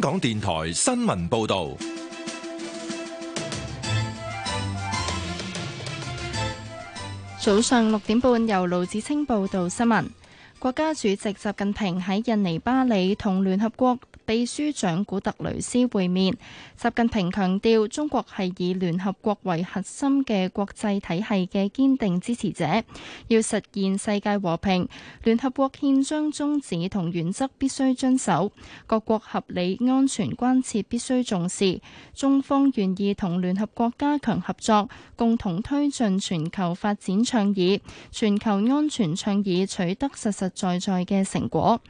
香港電台新聞報道，早上六點半由盧子清報道新聞。國家主席習近平喺印尼巴里同聯合國秘書長古特雷斯會面，習近平強調中國係以聯合國為核心嘅國際體系嘅堅定支持者，要實現世界和平，聯合國憲章宗旨同原則必須遵守，各國合理安全關切必須重視。中方願意同聯合國加強合作，共同推進全球發展倡議、全球安全倡議取得實實在在嘅成果。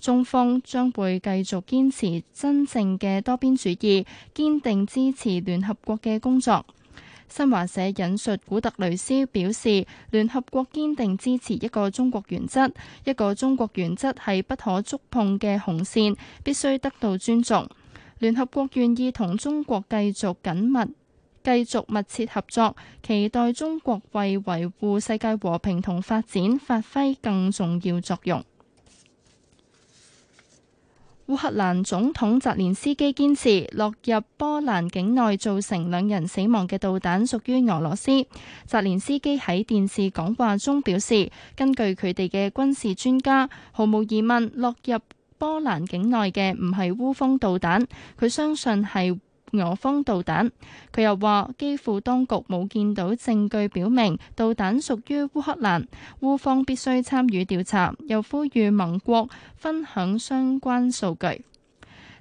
中方將會繼續堅。堅持真正嘅多邊主義，堅定支持聯合國嘅工作。新華社引述古特雷斯表示，聯合國堅定支持一個中國原則，一個中國原則係不可觸碰嘅紅線，必須得到尊重。聯合國願意同中國繼續緊密、繼續密切合作，期待中國為維護世界和平同發展發揮更重要作用。烏克蘭總統澤連斯基堅持，落入波蘭境內造成兩人死亡嘅導彈屬於俄羅斯。澤連斯基喺電視講話中表示，根據佢哋嘅軍事專家，毫無疑問落入波蘭境內嘅唔係烏方導彈，佢相信係。俄方導彈，佢又話基輔當局冇見到證據表明導彈屬於烏克蘭，烏方必須參與調查，又呼籲盟國分享相關數據。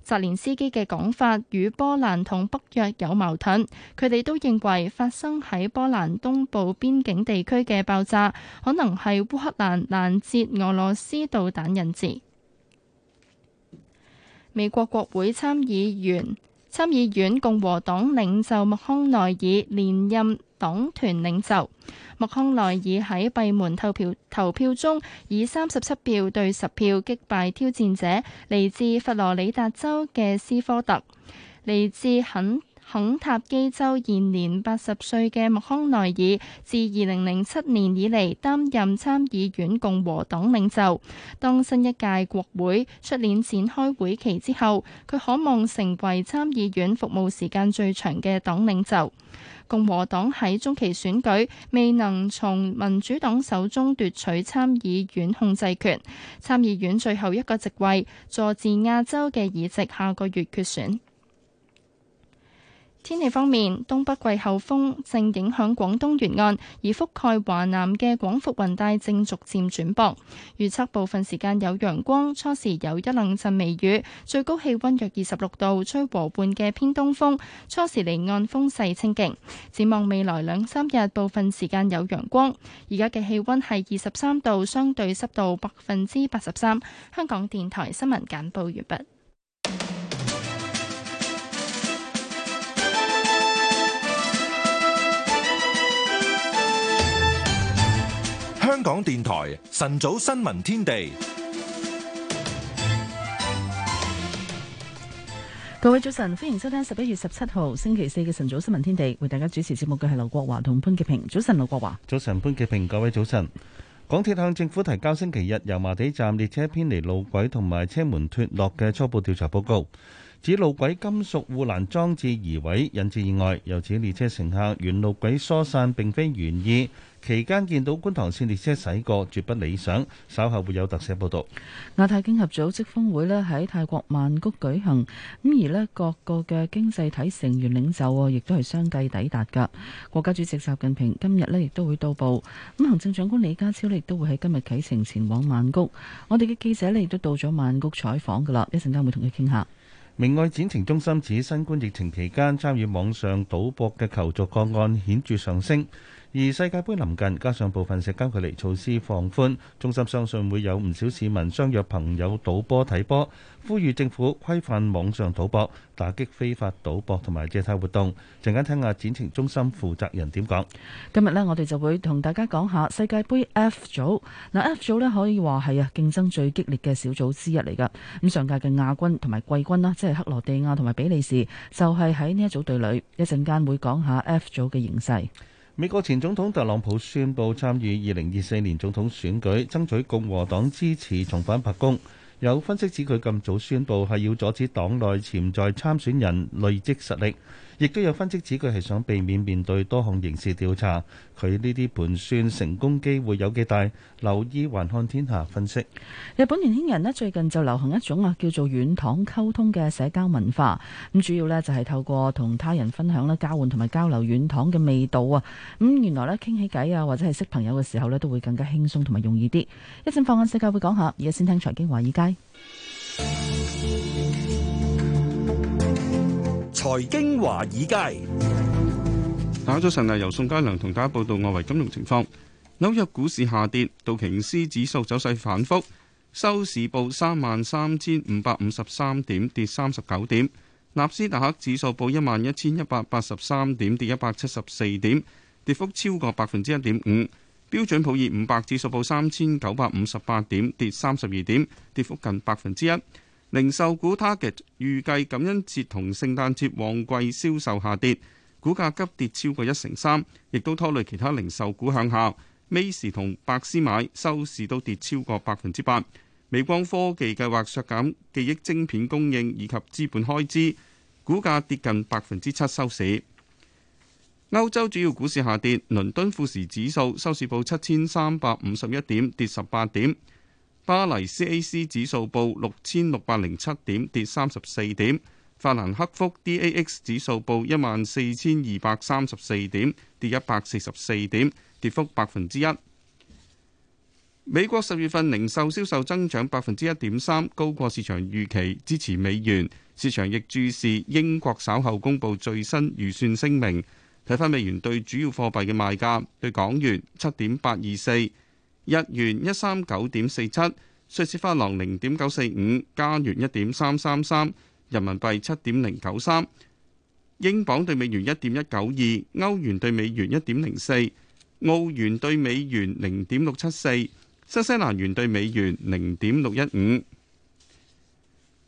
澤連斯基嘅講法與波蘭同北約有矛盾，佢哋都認為發生喺波蘭東部邊境地區嘅爆炸，可能係烏克蘭攔截俄羅斯導彈引致。美國國會參議員。參議院共和黨領袖麥康奈爾連任黨團領袖。麥康奈爾喺閉門投票投票中，以三十七票對十票擊敗挑戰者，嚟自佛羅里達州嘅斯科特，嚟自肯肯塔基州現年八十歲嘅麥康奈爾，自二零零七年以嚟擔任參議院共和黨領袖。當新一屆國會出年展開會期之後，佢可望成為參議院服務時間最長嘅黨領袖。共和黨喺中期選舉未能從民主黨手中奪取參議院控制權。參議院最後一個席位，佐治亞州嘅議席，下個月決選。天氣方面，東北季候風正影響廣東沿岸，而覆蓋華南嘅廣幅雲帶正逐漸轉薄。預測部分時間有陽光，初時有一兩陣微雨，最高氣溫約二十六度，吹和緩嘅偏東風，初時離岸風勢清勁。展望未來兩三日，部分時間有陽光。而家嘅氣溫係二十三度，相對濕度百分之八十三。香港電台新聞簡報完畢。香港電台晨早新聞天地，各位早晨，歡迎收聽十一月十七號星期四嘅晨早新聞天地，為大家主持節目嘅係劉國華同潘潔平。早晨，劉國華，早晨，潘潔平，各位早晨。港鐵向政府提交星期日油麻地站列車偏離路軌同埋車門脫落嘅初步調查報告，指路軌金屬護欄裝置移位引致意外，又指列車乘客沿路軌疏散並非原意。期間見到觀塘線列車駛過，絕不理想。稍後會有特寫報道。亞太經合組織峰會咧喺泰國曼谷舉行，咁而咧各個嘅經濟體成員領袖，亦都係相繼抵達噶。國家主席習近平今日咧亦都會到埗，咁行政長官李家超咧亦都會喺今日啟程前往曼谷。我哋嘅記者咧亦都到咗曼谷採訪噶啦，一陣間會同佢傾下。明愛展情中心指，新冠疫情期間參與網上賭博嘅求助個案顯著上升。而世界杯臨近，加上部分社交距離措施放寬，中心相信會有唔少市民相約朋友賭波睇波。呼籲政府規範網上賭博，打擊非法賭博同埋借貸活動，陣間聽下展情中心負責人點講。今日咧，我哋就會同大家講下世界杯 F 組嗱。F 組咧可以話，係啊競爭最激烈嘅小組之一嚟噶，咁上屆嘅亞軍同埋季軍啦，即係克羅地亞同埋比利時，就係喺呢一組隊裏會會一陣間會講下 F 組嘅形勢。美國前總統特朗普宣佈參與二零二四年總統選舉，爭取共和黨支持重返白宮。有分析指佢咁早宣佈係要阻止黨內潛在參選人累積實力。亦都有分析指佢係想避免面對多項刑事調查，佢呢啲盤算成功機會有幾大？留意《還看天下》分析。日本年輕人呢最近就流行一種啊叫做軟糖溝通嘅社交文化，咁主要呢就係透過同他人分享啦、交換同埋交流軟糖嘅味道啊，咁原來呢傾起偈啊或者係識朋友嘅時候呢都會更加輕鬆同埋容易啲。一陣放眼世界會講下，而家先聽財經華爾街。財經華爾街，打咗早晨啊！由宋家良同大家報道外圍金融情況。紐約股市下跌，道瓊斯指數走勢反複，收市報三萬三千五百五十三點，跌三十九點。納斯達克指數報一萬一千一百八十三點，跌一百七十四點，跌幅超過百分之一點五。標準普爾五百指數報三千九百五十八點，跌三十二點，跌幅近百分之一。零售股 target 預計感恩節同聖誕節旺季銷售下跌，股價急跌超過一成三，亦都拖累其他零售股向下。美時同百思買收市都跌超過百分之八。美光科技計劃削減記憶晶片供應以及資本開支，股價跌近百分之七收市。歐洲主要股市下跌，倫敦富時指數收市報七千三百五十一點，跌十八點。巴黎 CAC 指數報六千六百零七點，跌三十四點。法蘭克福 DAX 指數報一萬四千二百三十四點，跌一百四十四點，跌幅百分之一。美國十月份零售銷售增長百分之一點三，高過市場預期，支持美元。市場亦注視英國稍後公布最新預算聲明。睇翻美元對主要貨幣嘅賣價，對港元七點八二四。日元一三九點四七，瑞士法郎零點九四五，加元一點三三三，人民幣七點零九三，英鎊對美元一點一九二，歐元對美元一點零四，澳元對美元零點六七四，新西蘭元對美元零點六一五。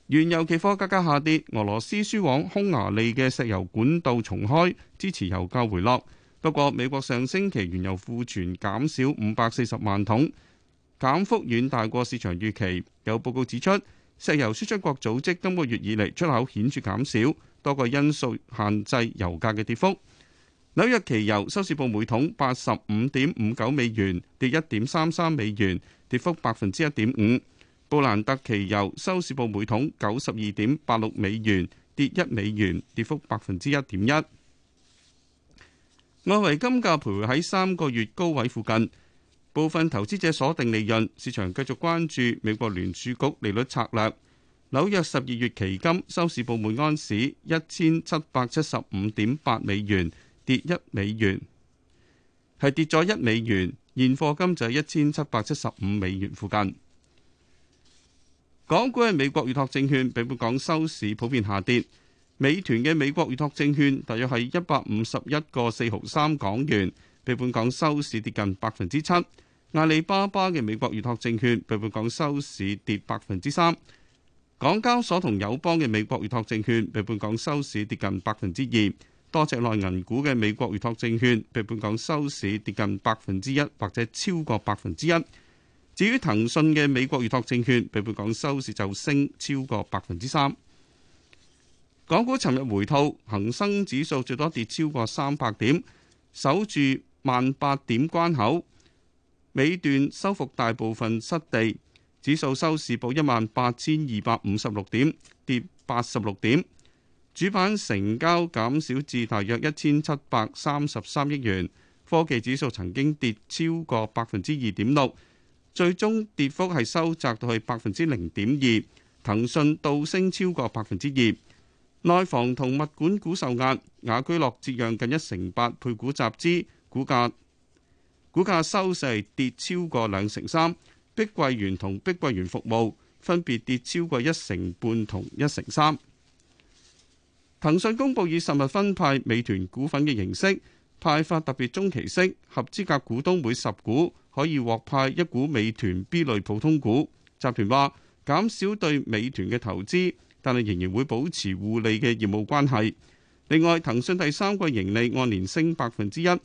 原油期貨價格下跌，俄羅斯輸往匈牙利嘅石油管道重開，支持油價回落。不過，美國上星期原油庫存減少五百四十萬桶，減幅遠大過市場預期。有報告指出，石油輸出國組織今個月以嚟出口顯著減少，多個因素限制油價嘅跌幅。紐約期油收市報每桶八十五點五九美元，跌一點三三美元，跌幅百分之一點五。布蘭特期油收市報每桶九十二點八六美元，跌一美元，跌幅百分之一點一。外圍金價徘徊喺三個月高位附近，部分投資者鎖定利潤，市場繼續關注美國聯儲局利率策略。紐約十二月期金收市報每安士一千七百七十五點八美元，跌一美元，係跌咗一美元。現貨金就係一千七百七十五美元附近。港股係美國預託證券比本港收市普遍下跌。美團嘅美國預託證券大約係一百五十一個四毫三港元，被本港收市跌近百分之七。阿里巴巴嘅美國預託證券被本港收市跌百分之三。港交所同友邦嘅美國預託證券被本港收市跌近百分之二。多隻內銀股嘅美國預託證券被本港收市跌近百分之一或者超過百分之一。至於騰訊嘅美國預託證券被本港收市就升超過百分之三。港股尋日回吐，恒生指數最多跌超過三百點，守住萬八點關口。尾段收復大部分失地，指數收市報一萬八千二百五十六點，跌八十六點。主板成交減少至大約一千七百三十三億元。科技指數曾經跌超過百分之二點六，最終跌幅係收窄到去百分之零點二。騰訊倒升超過百分之二。內房同物管股受壓，雅居樂折讓近一成八，配股集資，股價股價收市跌超過兩成三。碧桂園同碧桂園服務分別跌超過一成半同一成三。騰訊公佈以實物分派美團股份嘅形式派發特別中期息，合資格股東每十股可以獲派一股美團 B 類普通股。集團話減少對美團嘅投資。但係仍然會保持互利嘅業務關係。另外，騰訊第三季盈利按年升百分之一，按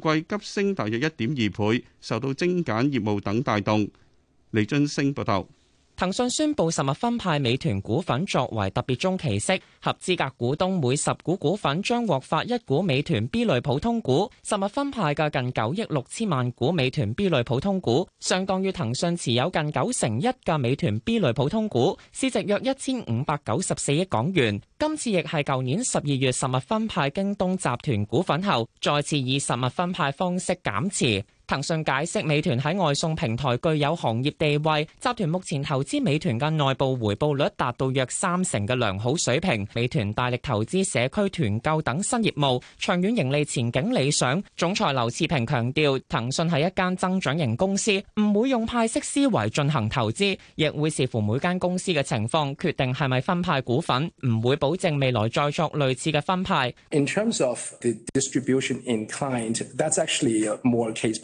季急升大約一點二倍，受到精簡業務等帶動。李津升報道。騰訊宣布實物分派美團股份作為特別中期息，合資格股東每十股股份將獲發一股美團 B 類普通股。實物分派嘅近九億六千萬股美團 B 類普通股，相當於騰訊持有近九成一嘅美團 B 類普通股，市值約一千五百九十四億港元。今次亦係舊年十二月實物分派京東集團股份後，再次以實物分派方式減持。騰訊解釋美團喺外送平台具有行業地位，集團目前投資美團嘅內部回報率達到約三成嘅良好水平。美團大力投資社區團購等新業務，長遠盈利前景理想。總裁劉熾平強調，騰訊係一間增長型公司，唔會用派息思維進行投資，亦會視乎每間公司嘅情況決定係咪分派股份，唔會保證未來再作類似嘅分派。In terms of the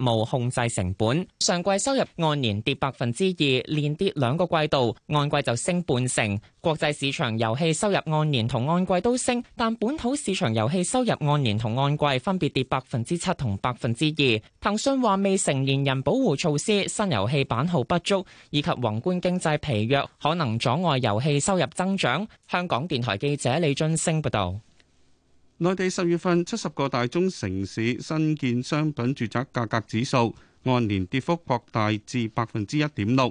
無控制成本，上季收入按年跌百分之二，連跌兩個季度，按季就升半成。國際市場遊戲收入按年同按季都升，但本土市場遊戲收入按年同按季分別跌百分之七同百分之二。騰訊話未成年人保護措施、新遊戲版號不足以及宏觀經濟疲弱，可能阻礙遊戲收入增長。香港電台記者李俊升報道。內地十月份七十個大中城市新建商品住宅價格指數按年跌幅擴大至百分之一點六，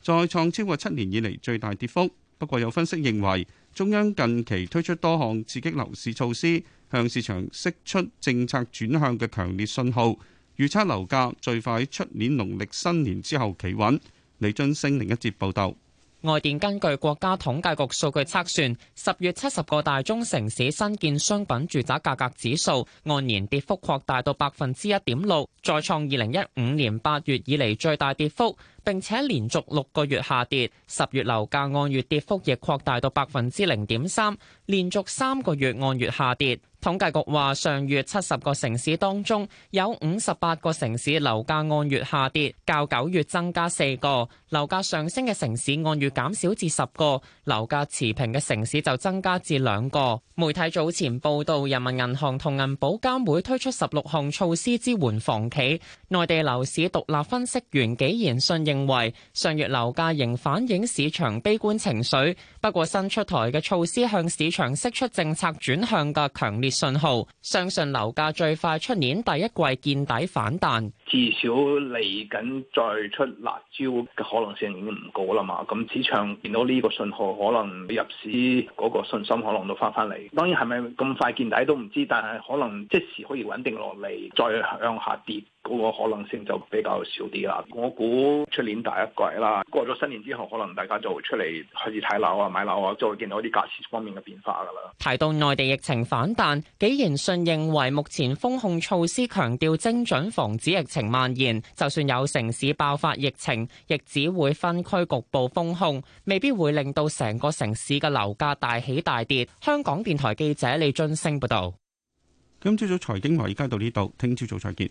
再創超過七年以嚟最大跌幅。不過有分析認為，中央近期推出多項刺激樓市措施，向市場釋出政策轉向嘅強烈信號，預測樓價最快出年農曆新年之後企穩。李俊升另一節報道。外電根據國家統計局數據測算，十月七十個大中城市新建商品住宅價格指數按年跌幅擴大到百分之一點六，再創二零一五年八月以嚟最大跌幅，並且連續六個月下跌。十月樓價按月跌幅亦擴大到百分之零點三，連續三個月按月下跌。統計局話，上月七十個城市當中，有五十八個城市樓價按月下跌，較九月增加四個；樓價上升嘅城市按月減少至十個，樓價持平嘅城市就增加至兩個。媒體早前報道，人民銀行同銀保監會推出十六項措施支援房企。內地樓市獨立分析員紀言信認為，上月樓價仍反映市場悲觀情緒，不過新出台嘅措施向市場釋出政策轉向嘅強烈。信號，相信樓價最快出年第一季見底反彈，至少嚟緊再出辣招嘅可能性已經唔高啦嘛。咁市場見到呢個信號，可能入市嗰個信心可能都翻翻嚟。當然係咪咁快見底都唔知，但係可能即時可以穩定落嚟，再向下跌。嗰個可能性就比較少啲啦。我估出年第一季啦，過咗新年之後，可能大家就會出嚟開始睇樓啊、買樓啊，就會見到啲價錢方面嘅變化噶啦。提到內地疫情反彈，紀賢信認為目前封控措施強調精準防止疫情蔓延。就算有城市爆發疫情，亦只會分區局部封控，未必會令到成個城市嘅樓價大起大跌。香港電台記者李俊升報導。道今朝早財經華爾街到呢度，聽朝早再見。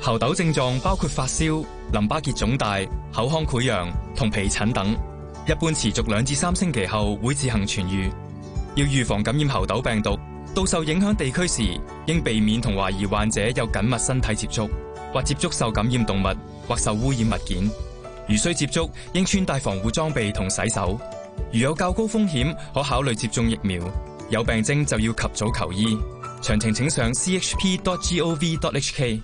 猴痘症狀包括發燒、淋巴結腫大、口腔潰瘍同皮疹等。一般持續兩至三星期後會自行痊愈。要預防感染猴痘病毒，到受影響地區時，應避免同懷疑患者有緊密身體接觸或接觸受感染動物或受污染物件。如需接觸，應穿戴防護裝備同洗手。如有較高風險，可考慮接種疫苗。有病徵就要及早求醫。詳情請上 chp.gov.hk。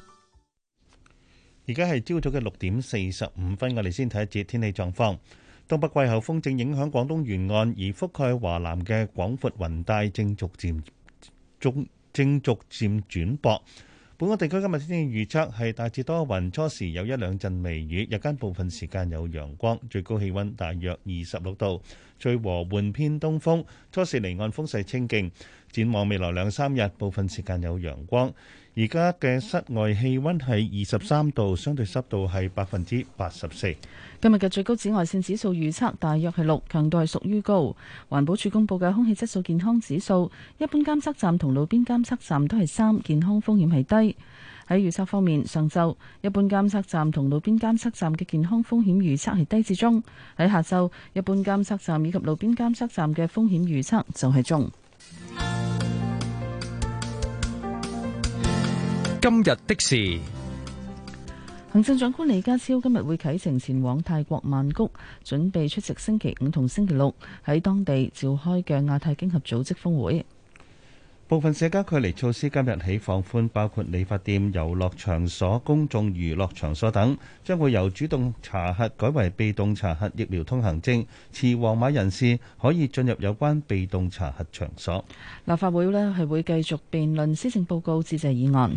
而家係朝早嘅六點四十五分，我哋先睇一節天氣狀況。東北季候風正影響廣東沿岸，而覆蓋華南嘅廣闊雲帶正逐漸逐正逐漸轉薄。本港地區今日天氣預測係大致多雲，初時有一兩陣微雨，日間部分時間有陽光，最高氣溫大約二十六度，吹和緩偏東風，初時離岸風勢清勁。展望未來兩三日，部分時間有陽光。而家嘅室外氣溫係二十三度，相對濕度係百分之八十四。今日嘅最高紫外線指數預測大約係六，強度係屬於高。環保署公布嘅空氣質素健康指數，一般監測站同路邊監測站都係三，健康風險係低。喺預測方面，上晝一般監測站同路邊監測站嘅健康風險預測係低至中。喺下晝一般監測站以及路邊監測站嘅風險預測就係中。今日的事，行政長官李家超今日會啟程前往泰國曼谷，準備出席星期五同星期六喺當地召開嘅亞太經合組織峰會。部分社交距離措施今日起放寬，包括理髮店、遊樂場所、公眾娛樂場所等，將會由主動查核改為被動查核疫苗通行證。持黃碼人士可以進入有關被動查核場所。立法會呢係會繼續辯論施政報告、致謝議案。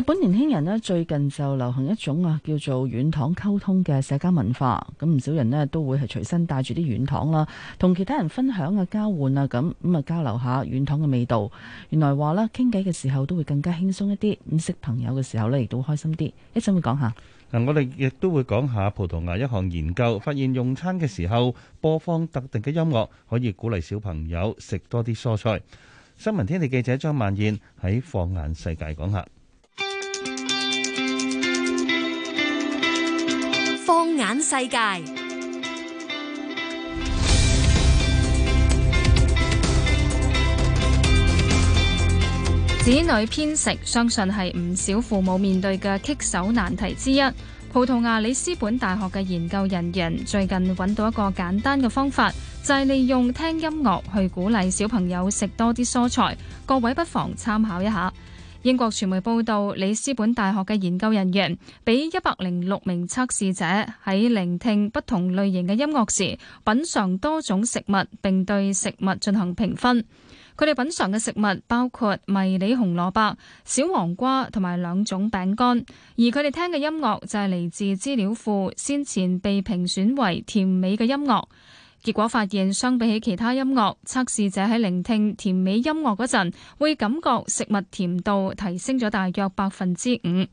日本年輕人咧最近就流行一種啊叫做軟糖溝通嘅社交文化。咁唔少人咧都會係隨身帶住啲軟糖啦，同其他人分享啊、交換啊，咁咁啊交流下軟糖嘅味道。原來話啦，傾偈嘅時候都會更加輕鬆一啲，認識朋友嘅時候呢亦都開心啲。一陣會講下嗱，我哋亦都會講下葡萄牙一項研究，發現用餐嘅時候播放特定嘅音樂，可以鼓勵小朋友食多啲蔬菜。新聞天地記者張曼燕喺放眼世界講下。說說眼世界，子女偏食，相信係唔少父母面對嘅棘手難題之一。葡萄牙里斯本大學嘅研究人員最近揾到一個簡單嘅方法，就係利用聽音樂去鼓勵小朋友食多啲蔬菜。各位不妨參考一下。英國傳媒報道，里斯本大學嘅研究人員俾一百零六名測試者喺聆聽不同類型嘅音樂時，品嘗多種食物，並對食物進行評分。佢哋品嘗嘅食物包括迷你紅蘿蔔、小黃瓜同埋兩種餅乾，而佢哋聽嘅音樂就係嚟自資料庫先前被評選為甜美嘅音樂。結果發現，相比起其他音樂，測試者喺聆聽甜美音樂嗰陣，會感覺食物甜度提升咗大約百分之五。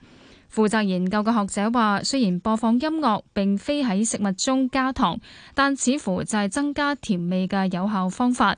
負責研究嘅學者話，雖然播放音樂並非喺食物中加糖，但似乎就係增加甜味嘅有效方法。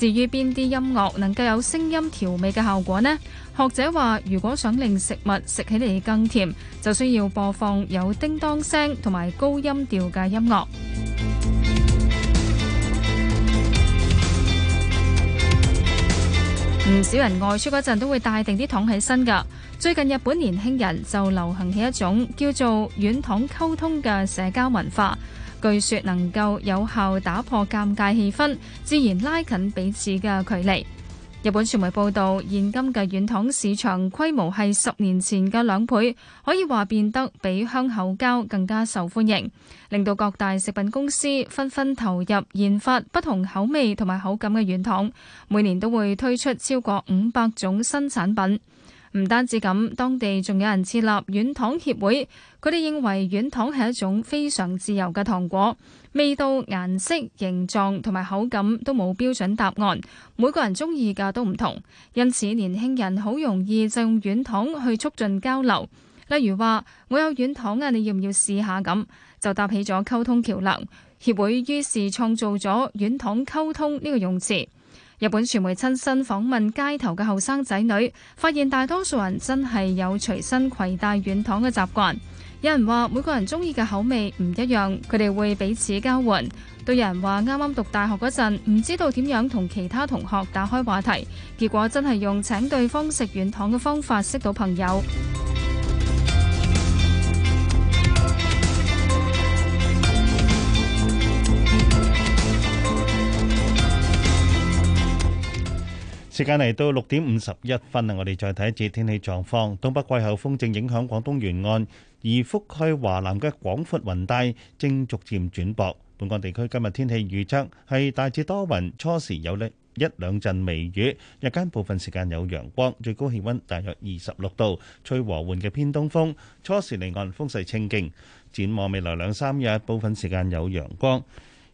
至於邊啲音樂能夠有聲音調味嘅效果呢？學者話，如果想令食物食起嚟更甜，就需要播放有叮當聲同埋高音調嘅音樂。唔 少人外出嗰陣都會帶定啲糖起身㗎。最近日本年輕人就流行起一種叫做軟糖溝通嘅社交文化。據說能夠有效打破尷尬氣氛，自然拉近彼此嘅距離。日本傳媒報道，現今嘅軟糖市場規模係十年前嘅兩倍，可以話變得比香口膠更加受歡迎，令到各大食品公司紛紛投入研發不同口味同埋口感嘅軟糖，每年都會推出超過五百種新產品。唔單止咁，當地仲有人設立軟糖協會，佢哋認為軟糖係一種非常自由嘅糖果，味道、顏色、形狀同埋口感都冇標準答案，每個人中意嘅都唔同，因此年輕人好容易就用軟糖去促進交流。例如話：我有軟糖啊，你要唔要試下咁？就搭起咗溝通橋梁。協會於是創造咗軟糖溝通呢個用詞。日本傳媒親身訪問街頭嘅後生仔女，發現大多數人真係有隨身攜帶軟糖嘅習慣。有人話每個人中意嘅口味唔一樣，佢哋會彼此交換。都有人話啱啱讀大學嗰陣，唔知道點樣同其他同學打開話題，結果真係用請對方食軟糖嘅方法識到朋友。時間嚟到六點五十一分啊！我哋再睇一節天氣狀況。東北季候風正影響廣東沿岸，而覆蓋華南嘅廣闊雲帶正逐漸轉薄。本港地區今日天氣預測係大致多雲，初時有咧一兩陣微雨，日間部分時間有陽光，最高氣温大約二十六度，吹和緩嘅偏東風，初時離岸風勢清勁。展望未來兩三日，部分時間有陽光，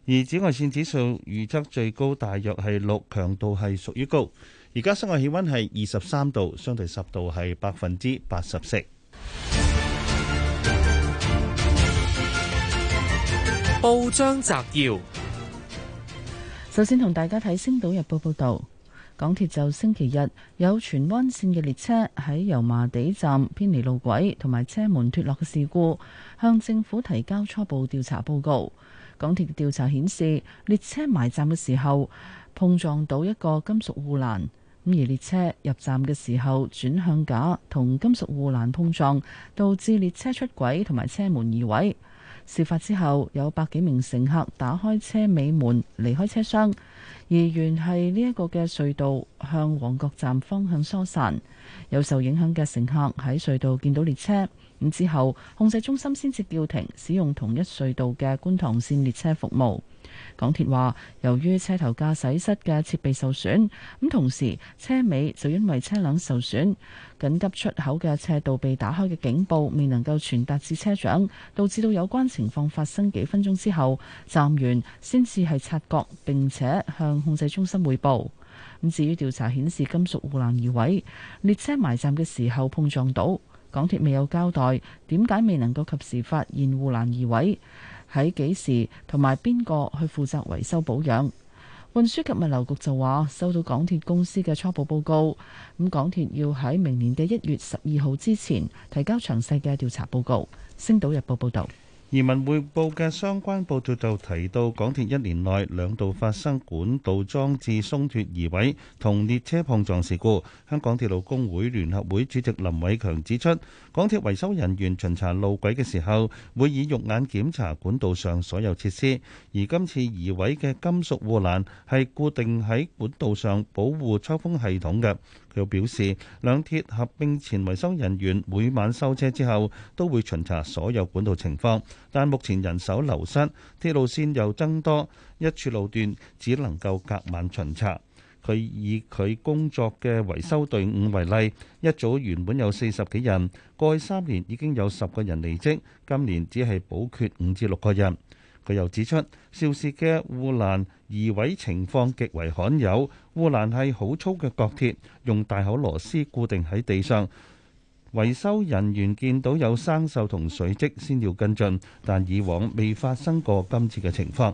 而紫外線指數預測最高大約係六，強度係屬於高。而家室外氣溫係二十三度，相對濕度係百分之八十四。報章摘要，首先同大家睇《星島日報》報道，港鐵就星期日有荃灣線嘅列車喺油麻地站偏離路軌同埋車門脫落嘅事故，向政府提交初步調查報告。港鐵嘅調查顯示，列車埋站嘅時候，碰撞到一個金屬護欄，咁而列車入站嘅時候，轉向架同金屬護欄碰撞，導致列車出軌同埋車門移位。事發之後，有百幾名乘客打開車尾門離開車廂，而原係呢一個嘅隧道向旺角站方向疏散。有受影響嘅乘客喺隧道見到列車，咁之後控制中心先至叫停使用同一隧道嘅觀塘線列車服務。港鐵話，由於車頭駕駛室嘅設備受損，咁同時車尾就因為車輛受損，緊急出口嘅車道被打開嘅警報未能夠傳達至車長，導致到有關情況發生幾分鐘之後，站員先至係察覺並且向控制中心匯報。咁至於調查顯示金屬護欄移位，列車埋站嘅時候碰撞到，港鐵未有交代，點解未能夠及時發現護欄移位？喺幾時同埋邊個去負責維修保養？運輸及物流局就話收到港鐵公司嘅初步報告，咁港鐵要喺明年嘅一月十二號之前提交詳細嘅調查報告。星島日報報道。。移民彙報嘅相關報道就提到，港鐵一年內兩度發生管道裝置鬆脫移位同列車碰撞事故。香港鐵路工會聯合會主席林偉強指出，港鐵維修人員巡查路軌嘅時候，會以肉眼檢查管道上所有設施，而今次移位嘅金屬護欄係固定喺管道上保護抽風系統嘅。佢表示，兩鐵合併前維修人員每晚收車之後，都會巡查所有管道情況。但目前人手流失，鐵路線又增多，一處路段只能夠隔晚巡查。佢以佢工作嘅維修隊伍為例，一組原本有四十幾人，過去三年已經有十個人離職，今年只係補缺五至六個人。佢又指出，肇事嘅護欄移位情況極為罕有，護欄係好粗嘅角鐵，用大口螺絲固定喺地上。維修人員見到有生銹同水跡先要跟進，但以往未發生過今次嘅情況。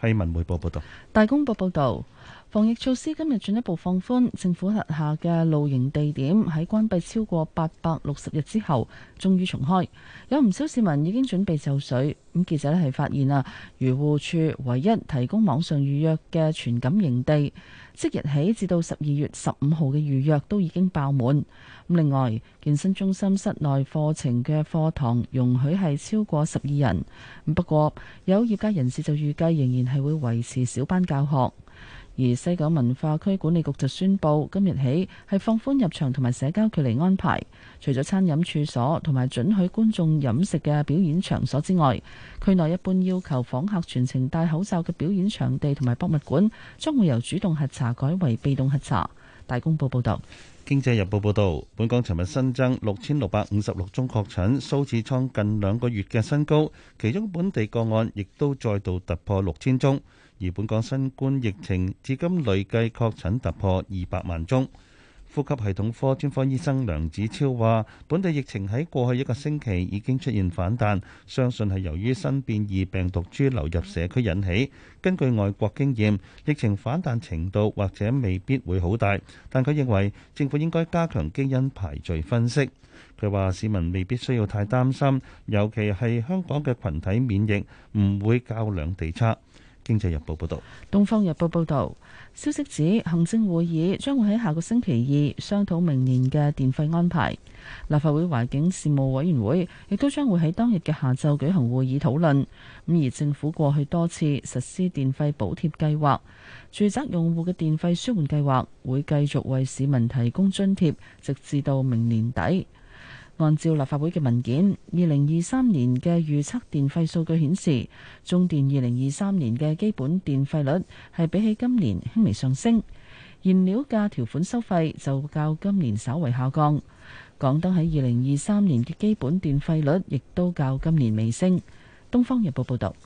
係文匯報報道，大公報報道，防疫措施今日進一步放寬，政府轄下嘅露營地點喺關閉超過八百六十日之後，終於重開，有唔少市民已經準備就緒。咁記者咧係發現啊，漁護處唯一提供網上預約嘅全錦營地。即日起至到十二月十五號嘅預約都已經爆滿。咁另外，健身中心室內課程嘅課堂容許係超過十二人。咁不過，有業界人士就預計仍然係會維持小班教學。而西九文化區管理局就宣布，今日起係放寬入場同埋社交距離安排，除咗餐飲處所同埋准許觀眾飲食嘅表演場所之外，區內一般要求訪客全程戴口罩嘅表演場地同埋博物館，將會由主動核查改為被動核查。大公報報道。經濟日報報道，本港尋日新增六千六百五十六宗確診，數字創近兩個月嘅新高，其中本地個案亦都再度突破六千宗，而本港新冠疫情至今累計確診突破二百萬宗。呼吸系統科專科醫生梁子超話，本地疫情喺過去一個星期已經出現反彈，相信係由於新變異病毒株流入社區引起。根據外國經驗，疫情反彈程度或者未必會好大。但佢認為政府應該加強基因排序分析。佢話：市民未必需要太擔心，尤其係香港嘅群體免疫唔會較兩地差。《經濟日報》報導，《東方日報》報導，消息指行政會議將會喺下個星期二商討明年嘅電費安排。立法會環境事務委員會亦都將會喺當日嘅下晝舉行會議討論。咁而政府過去多次實施電費補貼計劃，住宅用戶嘅電費舒緩計劃會繼續為市民提供津貼，直至到明年底。按照立法會嘅文件，二零二三年嘅預測電費數據顯示，中電二零二三年嘅基本電費率係比起今年輕微上升，燃料價條款收費就較今年稍為下降。港燈喺二零二三年嘅基本電費率亦都較今年微升。東方日報報道，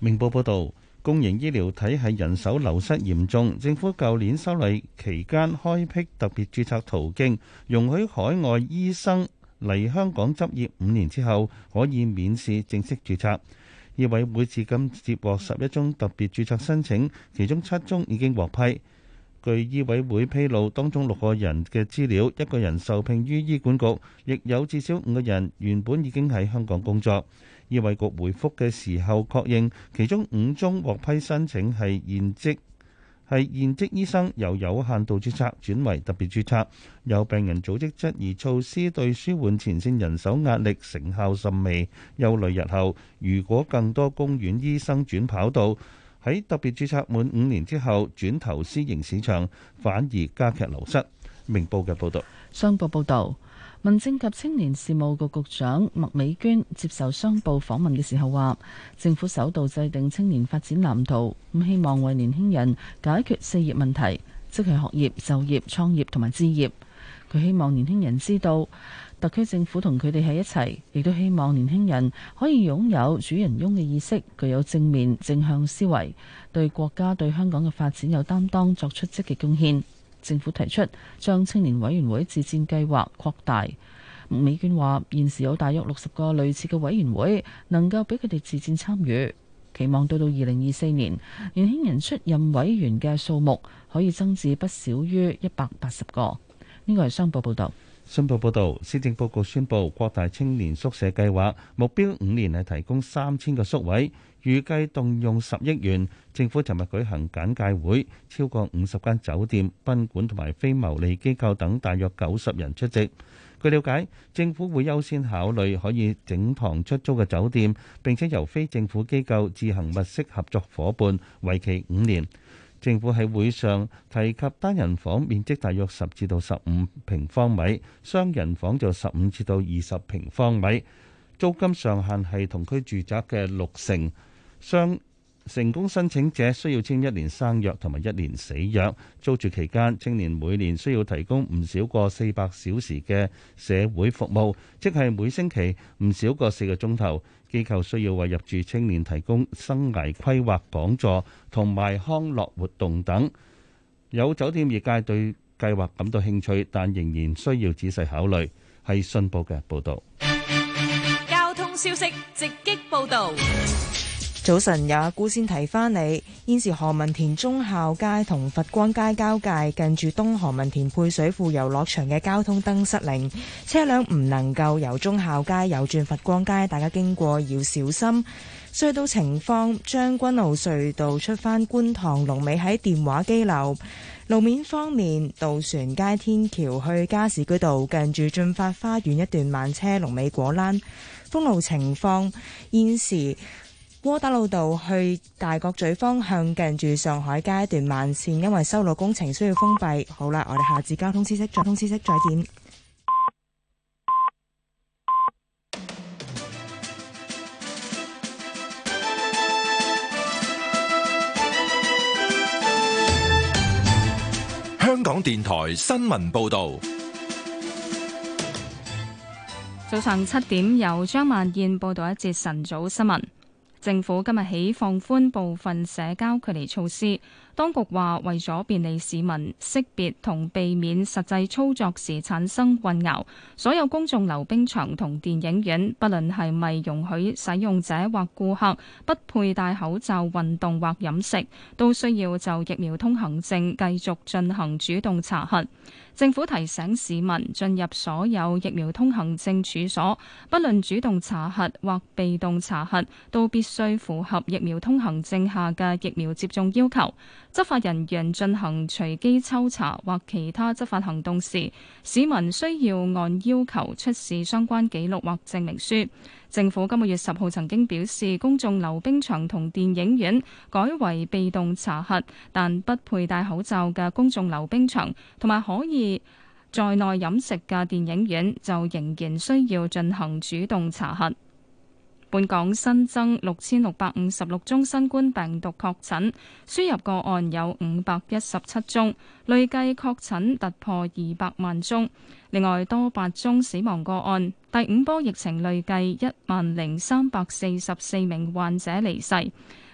明報報道，公營醫療體系人手流失嚴重，政府舊年修例期間開闢特別註冊途徑，容許海外醫生。嚟香港執業五年之後，可以免試正式註冊。醫委會至今接獲十一宗特別註冊申請，其中七宗已經獲批。據醫委會披露，當中六個人嘅資料，一個人受聘於醫管局，亦有至少五個人原本已經喺香港工作。醫衞局回覆嘅時候確認，其中五宗獲批申請係現職。係現職醫生由有限度註冊轉為特別註冊，有病人組織質疑措施對舒緩前線人手壓力成效甚微，憂慮日後如果更多公院醫生轉跑道，喺特別註冊滿五年之後轉投私營市場，反而加劇流失。明報嘅報導，商報報導。民政及青年事務局局長麥美娟接受商報訪問嘅時候話，政府首度制定青年發展藍圖，咁希望為年輕人解決四業問題，即係學業、就業、創業同埋置業。佢希望年輕人知道，特區政府同佢哋喺一齊，亦都希望年輕人可以擁有主人翁嘅意識，具有正面、正向思維，對國家、對香港嘅發展有擔當，作出積極貢獻。政府提出將青年委員會自薦計劃擴大。美娟話，現時有大約六十個類似嘅委員會，能夠俾佢哋自薦參與。期望到到二零二四年，年輕人出任委員嘅數目可以增至不少於一百八十個。呢個係商報報道。商報報道，施政報告宣布，擴大青年宿舍計劃目標五年係提供三千個宿位。預計動用十億元。政府尋日舉行簡介會，超過五十間酒店、賓館同埋非牟利機構等，大約九十人出席。據了解，政府會優先考慮可以整堂出租嘅酒店，並且由非政府機構自行物色合作夥伴，為期五年。政府喺會上提及，單人房面積大約十至到十五平方米，雙人房就十五至到二十平方米，租金上限係同區住宅嘅六成。商成功申請者需要簽一年生約同埋一年死約，租住期間青年每年需要提供唔少過四百小時嘅社會服務，即係每星期唔少過四個鐘頭。機構需要為入住青年提供生涯規劃講座同埋康樂活動等。有酒店業界對計劃感到興趣，但仍然需要仔細考慮。係信報嘅報導。交通消息直擊報導。早晨，有阿姑先提翻你。現時何文田忠孝街同佛光街交界近住東何文田配水庫遊樂場嘅交通燈失靈，車輛唔能夠由忠孝街右轉佛光街，大家經過要小心。隧道情況將軍澳隧道出翻觀塘龍尾喺電話機樓路面方面，渡船街天橋去加士居道近住駿發花園一段慢車龍尾果欄封路情況現時。窩打老道去大角咀方向近住上海街一段慢線，因為修路工程需要封閉。好啦，我哋下次交通知識，交通知識再見。香港電台新聞報道，早上七點由張萬燕報道一節晨早新聞。政府今日起放寬部分社交距離措施。當局話：為咗便利市民識別同避免實際操作時產生混淆，所有公眾溜冰場同電影院，不論係咪容許使用者或顧客不佩戴口罩運動或飲食，都需要就疫苗通行證繼續進行主動查核。政府提醒市民進入所有疫苗通行證處所，不論主動查核或被動查核，都必須符合疫苗通行證下嘅疫苗接種要求。執法人員進行隨機抽查或其他執法行動時，市民需要按要求出示相關記錄或證明書。政府今個月十號曾經表示，公眾溜冰場同電影院改為被動查核，但不佩戴口罩嘅公眾溜冰場同埋可以在內飲食嘅電影院就仍然需要進行主動查核。本港新增六千六百五十六宗新冠病毒確診，輸入個案有五百一十七宗，累計確診突破二百萬宗。另外多八宗死亡個案，第五波疫情累計一萬零三百四十四名患者離世。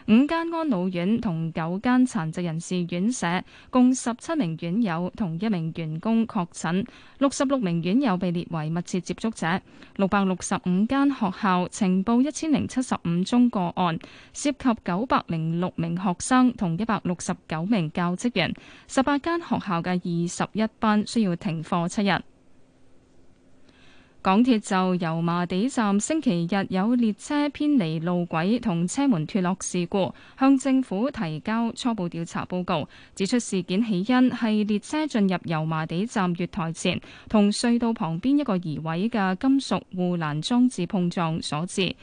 五間安老院同九間殘疾人士院舍，共十七名院友同一名員工確診，六十六名院友被列為密切接觸者。六百六十五間學校呈報一千零七十五宗個案，涉及九百零六名學生同一百六十九名教職員。十八間學校嘅二十一班需要停課七日。港鐵就油麻地站星期日有列車偏離路軌同車門脫落事故，向政府提交初步調查報告，指出事件起因係列車進入油麻地站月台前，同隧道旁邊一個移位嘅金屬護欄裝置碰撞所致。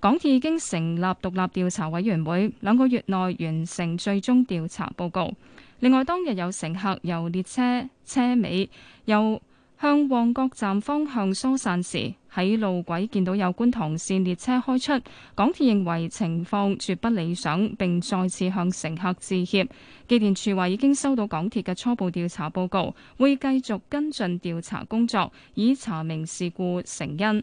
港鐵已經成立獨立調查委員會，兩個月內完成最終調查報告。另外，當日有乘客由列車車尾由向旺角站方向疏散時，喺路軌見到有觀塘線列車開出。港鐵認為情況絕不理想，並再次向乘客致歉。機電處話已經收到港鐵嘅初步調查報告，會繼續跟進調查工作，以查明事故成因。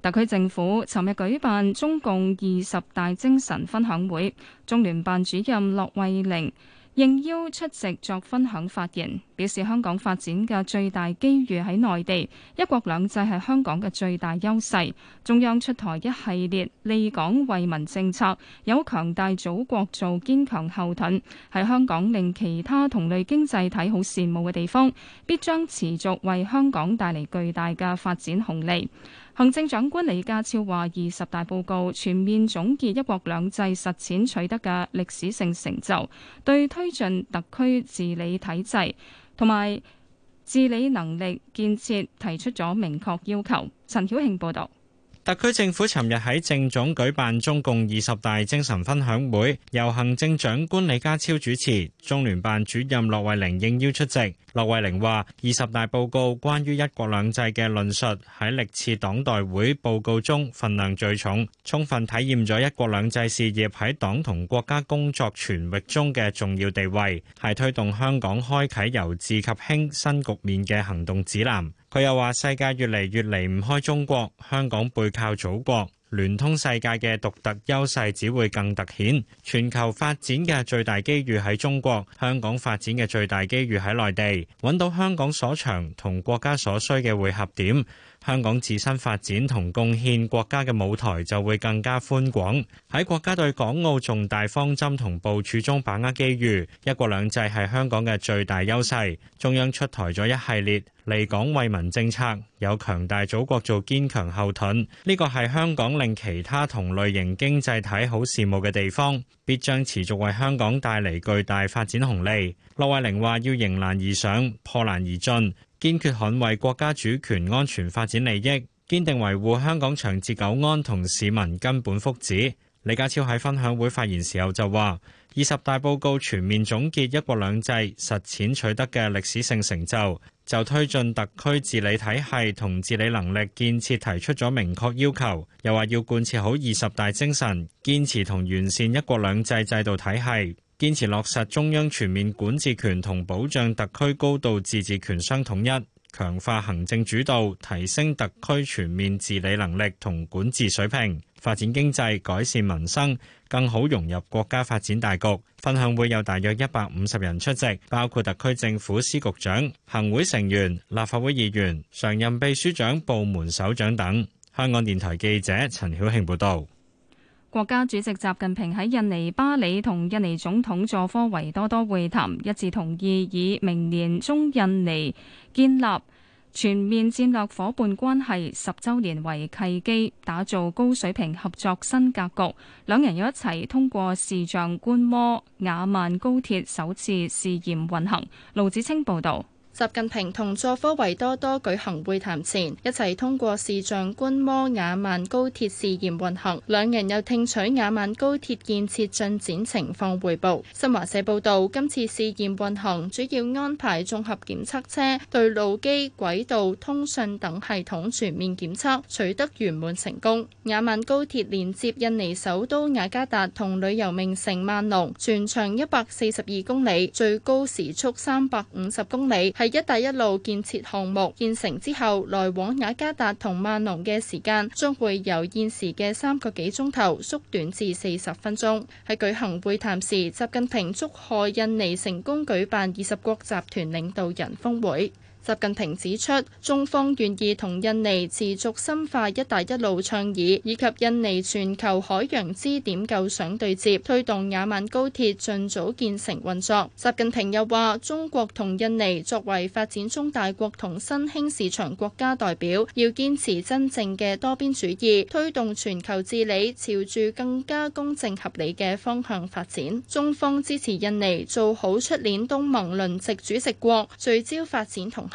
特區政府尋日舉辦中共二十大精神分享會，中聯辦主任駱惠寧，應邀出席作分享發言，表示香港發展嘅最大機遇喺內地，一國兩制係香港嘅最大優勢。中央出台一系列利港惠民政策，有強大祖國做堅強後盾，係香港令其他同類經濟體好羨慕嘅地方，必將持續為香港帶嚟巨大嘅發展紅利。行政長官李家超話，二十大報告全面總結一國兩制實踐取得嘅歷史性成就，對推進特區治理體制同埋治理能力建設提出咗明確要求。陳曉慶報道。特區政府尋日喺政總舉辦中共二十大精神分享會，由行政長官李家超主持，中聯辦主任駱惠寧應邀出席。駱惠寧話：二十大報告關於一國兩制嘅論述喺歷次黨代會報告中分量最重，充分體驗咗一國兩制事業喺黨同國家工作全域中嘅重要地位，係推動香港開啓由治及興新局面嘅行動指南。佢又話：世界越嚟越離唔開中國，香港背靠祖國，聯通世界嘅獨特優勢只會更突顯。全球發展嘅最大機遇喺中國，香港發展嘅最大機遇喺內地，揾到香港所長同國家所需嘅匯合點。香港自身發展同貢獻國家嘅舞台就會更加寬廣。喺國家對港澳重大方針同部署中把握機遇，一國兩制係香港嘅最大優勢。中央出台咗一系列利港惠民政策，有強大祖國做堅強後盾，呢個係香港令其他同類型經濟體好羨慕嘅地方，必將持續為香港帶嚟巨大發展紅利。駱惠寧話：要迎難而上，破難而進。堅決捍衛國家主權、安全、發展利益，堅定維護香港長治久安同市民根本福祉。李家超喺分享會發言時候就話，二十大報告全面總結一國兩制實踐取得嘅歷史性成就，就推進特區治理體系同治理能力建設提出咗明確要求，又話要貫徹好二十大精神，堅持同完善一國兩制制度體系。堅持落實中央全面管治權同保障特區高度自治權相統一，強化行政主導，提升特區全面治理能力同管治水平，發展經濟，改善民生，更好融入國家發展大局。分享會有大約一百五十人出席，包括特區政府司局長、行會成員、立法會議員、常任秘書長、部門首長等。香港電台記者陳曉慶報道。國家主席習近平喺印尼巴里同印尼總統佐科維多多會談，一致同意以明年中印尼建立全面戰略伙伴關係十周年為契機，打造高水平合作新格局。兩人又一齊通過視像觀摩雅萬高鐵首次試驗運行。盧子清報道。習近平同佐科維多多舉行會談前，一齊通過視像觀摩雅萬高鐵試驗運行，兩人又聽取雅萬高鐵建設進展情況彙報。新華社報導，今次試驗運行主要安排綜合檢測車對路基、軌道、通訊等系統全面檢測，取得圓滿成功。雅萬高鐵連接印尼首都雅加達同旅遊名城萬隆，全長一百四十二公里，最高時速三百五十公里。係一帶一路建設項目建成之後，來往雅加達同萬隆嘅時間將會由現時嘅三個幾鐘頭縮短至四十分鐘。喺舉行會談時，習近平祝賀印尼成功舉辦二十國集團領導人峰會。習近平指出，中方願意同印尼持續深化“一帶一路”倡議，以及印尼全球海洋支點構想對接，推動雅萬高鐵盡早建成運作。習近平又話，中國同印尼作為發展中大國同新興市場國家代表，要堅持真正嘅多邊主義，推動全球治理朝住更加公正合理嘅方向發展。中方支持印尼做好出年東盟輪值主席國，聚焦發展同，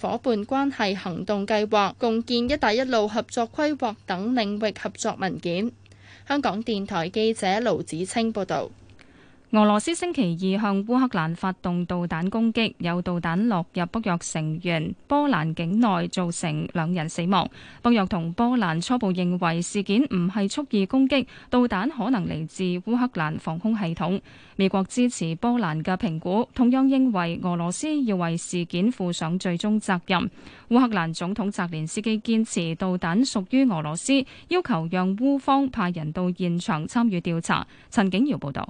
伙伴關係行動計劃、共建「一帶一路」合作規劃等領域合作文件。香港電台記者盧子清報道。俄羅斯星期二向烏克蘭發動導彈攻擊，有導彈落入北約成員波蘭境內，造成兩人死亡。北約同波蘭初步認為事件唔係蓄意攻擊，導彈可能嚟自烏克蘭防空系統。美國支持波蘭嘅評估，同樣認為俄羅斯要為事件負上最終責任。烏克蘭總統澤連斯基堅持導彈屬於俄羅斯，要求讓烏方派人到現場參與調查。陳景堯報道。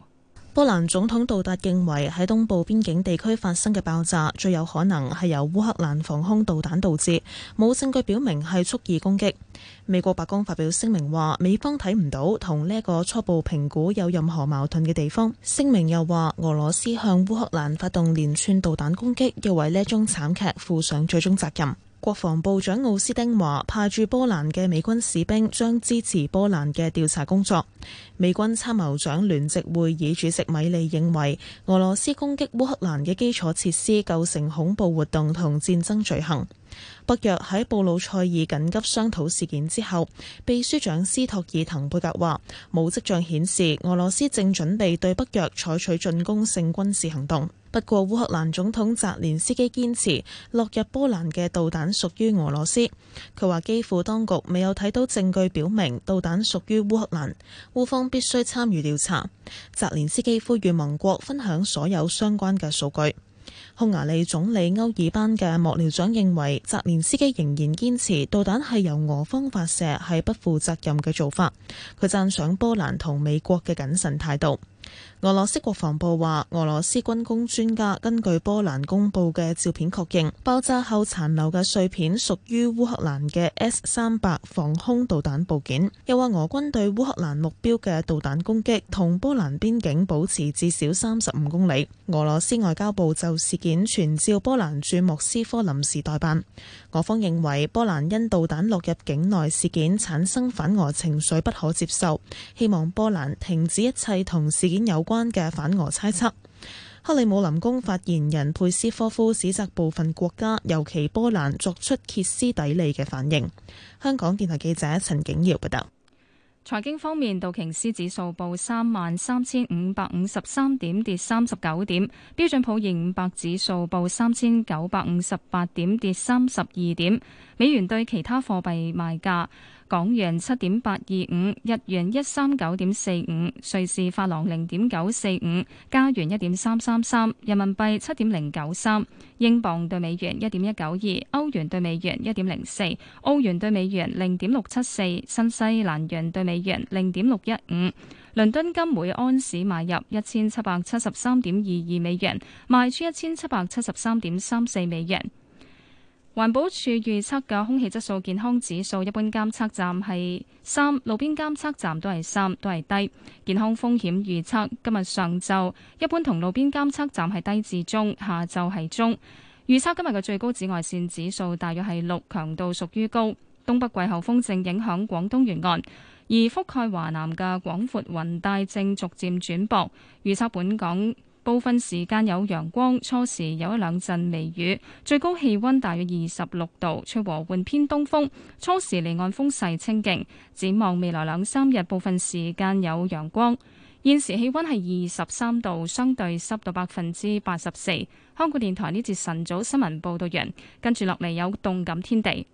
波蘭總統杜達認為喺東部邊境地區發生嘅爆炸最有可能係由烏克蘭防空導彈導致，冇證據表明係蓄意攻擊。美國白宮發表聲明話，美方睇唔到同呢一個初步評估有任何矛盾嘅地方。聲明又話，俄羅斯向烏克蘭發動連串導彈攻擊，要為呢宗慘劇負上最終責任。國防部長奧斯丁話，派駐波蘭嘅美軍士兵將支持波蘭嘅調查工作。美軍參謀長聯席會議主席米利認為，俄羅斯攻擊烏克蘭嘅基礎設施構成恐怖活動同戰爭罪行。北約喺布魯塞爾緊急商討事件之後，秘書長斯托爾滕貝格話，冇跡象顯示俄羅斯正準備對北約採取進攻性軍事行動。不過，烏克蘭總統澤連斯基堅持落入波蘭嘅導彈屬於俄羅斯。佢話：基輔當局未有睇到證據表明導彈屬於烏克蘭，烏方必須參與調查。澤連斯基呼籲盟國分享所有相關嘅數據。匈牙利總理歐爾班嘅幕僚長認為，澤連斯基仍然堅持導彈係由俄方發射，係不負責任嘅做法。佢讚賞波蘭同美國嘅謹慎態度。俄羅斯國防部話，俄羅斯軍工專家根據波蘭公布嘅照片確認，爆炸後殘留嘅碎片屬於烏克蘭嘅 S 三百防空導彈部件。又話俄軍對烏克蘭目標嘅導彈攻擊，同波蘭邊境保持至少三十五公里。俄羅斯外交部就事件傳召波蘭駐莫斯科臨時代辦，俄方認為波蘭因導彈落入境內事件產生反俄情緒不可接受，希望波蘭停止一切同事件有關嘅反俄猜測，克里姆林宮發言人佩斯科夫指責部分國家，尤其波蘭作出歇斯底里嘅反應。香港電台記者陳景瑤報道。財經方面，道瓊斯指數報三萬三千五百五十三點，跌三十九點；標準普爾五百指數報三千九百五十八點，跌三十二點。美元對其他貨幣賣價。港元七點八二五，日元一三九點四五，瑞士法郎零點九四五，加元一點三三三，人民幣七點零九三，英鎊對美元一點一九二，歐元對美元一點零四，澳元對美元零點六七四，新西蘭元對美元零點六一五。倫敦金每安士買入一千七百七十三點二二美元，賣出一千七百七十三點三四美元。環保署預測嘅空氣質素健康指數，一般監測站係三，路邊監測站都係三，都係低。健康風險預測今日上晝一般同路邊監測站係低至中，下晝係中。預測今日嘅最高紫外線指數大約係六，強度屬於高。東北季候風正影響廣東沿岸，而覆蓋華南嘅廣闊雲帶正逐漸轉薄。預測本港。部分時間有陽光，初時有一兩陣微雨，最高氣溫大約二十六度，吹和緩偏東風，初時離岸風勢清勁。展望未來兩三日，部分時間有陽光。現時氣溫係二十三度，相對濕度百分之八十四。香港電台呢節晨早新聞報道完，跟住落嚟有動感天地。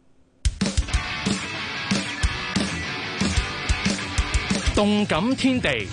動感天地。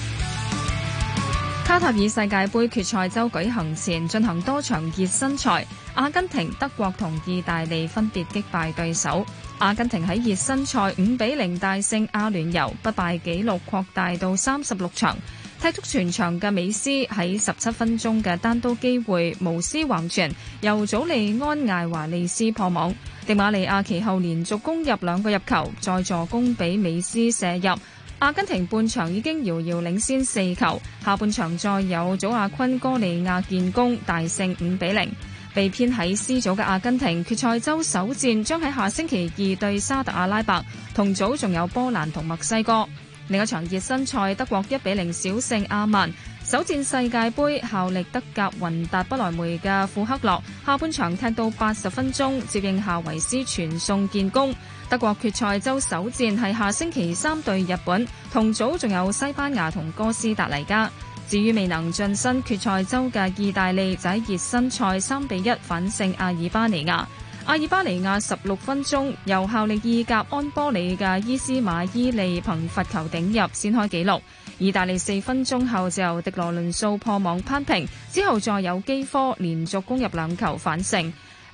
卡塔爾世界盃決賽周舉行前進行多場熱身賽，阿根廷、德國同意大利分別擊敗對手。阿根廷喺熱身賽五比零大勝阿聯酋，不敗紀錄擴大到三十六場。踢足全場嘅美斯喺十七分鐘嘅單刀機會無私橫傳，由祖利安艾華利斯破網。迪馬利亞其後連續攻入兩個入球，再助攻俾美斯射入。阿根廷半場已經遙遙領先四球，下半場再有祖亞坤哥利亞建功，大勝五比零。被編喺 C 組嘅阿根廷，決賽周首戰將喺下星期二對沙特阿拉伯，同組仲有波蘭同墨西哥。另一場熱身賽，德國一比零小勝阿曼。首戰世界盃效力德甲雲達不萊梅嘅庫克洛，下半場踢到八十分鐘接應夏維斯傳送建功。德國決賽周首戰係下星期三對日本，同組仲有西班牙同哥斯達黎加。至於未能晉身決賽周嘅意大利就熱，就喺熱身賽三比一反勝阿爾巴尼亞。阿爾巴尼亞十六分鐘由效力意甲安波里嘅伊斯馬伊利憑罰球頂入先開紀錄，意大利四分鐘後就由迪羅倫素破網扳平，之後再有基科連續攻入兩球反勝。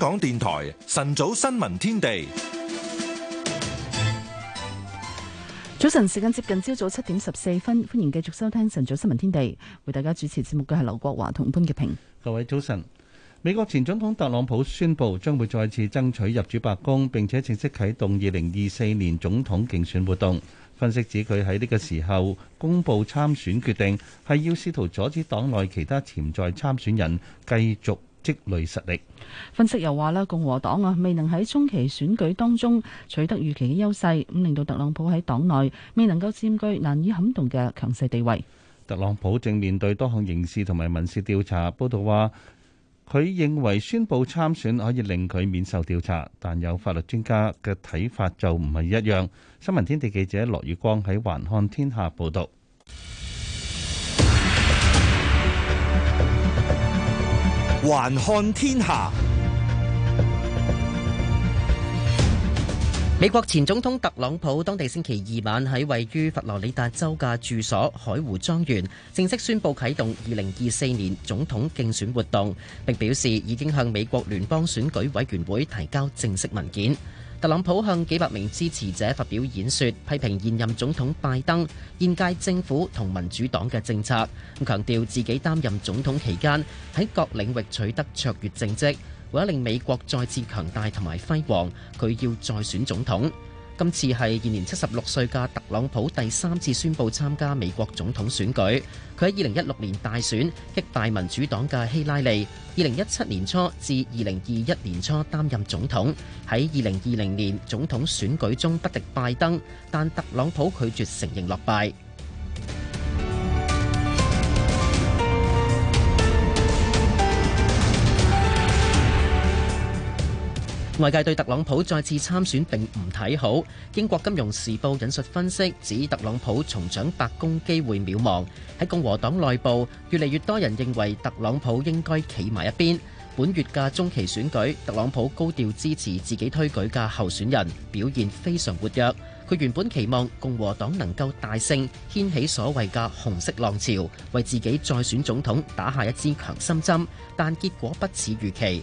港電台晨早新聞天地，早晨時間接近朝早七點十四分，歡迎繼續收聽晨早新聞天地，為大家主持節目嘅係劉國華同潘潔平。各位早晨！美國前總統特朗普宣布將會再次爭取入主白宮，並且正式啟動二零二四年總統競選活動。分析指佢喺呢個時候公布參選決定，係要試圖阻止黨內其他潛在參選人繼續積累實力。分析又話啦，共和黨啊未能喺中期選舉當中取得預期嘅優勢，咁令到特朗普喺黨內未能夠佔據難以撼動嘅強勢地位。特朗普正面對多項刑事同埋民事調查。報道話佢認為宣布參選可以令佢免受調查，但有法律專家嘅睇法就唔係一樣。新聞天地記者羅宇光喺環看天下報道。環看天下。美國前總統特朗普當地星期二晚喺位於佛羅里達州嘅住所海湖莊園，正式宣布啟動二零二四年總統競選活動，並表示已經向美國聯邦選舉委員會提交正式文件。特朗普向幾百名支持者發表演說，批評現任總統拜登現屆政府同民主黨嘅政策，強調自己擔任總統期間喺各領域取得卓越政績，為咗令美國再次強大同埋輝煌，佢要再選總統。今次係現年七十六歲嘅特朗普第三次宣佈參加美國總統選舉。佢喺二零一六年大選擊敗民主黨嘅希拉里，二零一七年初至二零二一年初擔任總統。喺二零二零年總統選舉中不敵拜登，但特朗普拒絕承認落敗。外界對特朗普再次參選並唔睇好，英國金融時報引述分析指特朗普重掌白宮機會渺茫。喺共和黨內部，越來越多人認為特朗普應該企埋一邊。本月嘅中期選舉，特朗普高調支持自己推舉嘅候選人表現非常活躍。佢原本期望共和黨能夠大勝，掀起所謂嘅紅色浪潮，為自己再選總統打下一支強心針，但結果不似預期。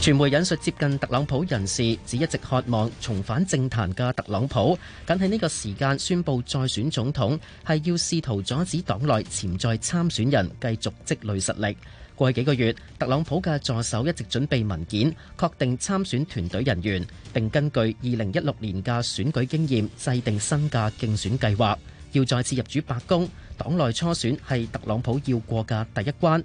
傳媒引述接近特朗普人士，指一直渴望重返政壇嘅特朗普，揀喺呢個時間宣布再選總統，係要試圖阻止黨內潛在參選人繼續積累實力。過去幾個月，特朗普嘅助手一直準備文件，確定參選團隊人員，並根據二零一六年嘅選舉經驗制定新嘅競選計劃。要再次入主白宮，黨內初選係特朗普要過嘅第一關。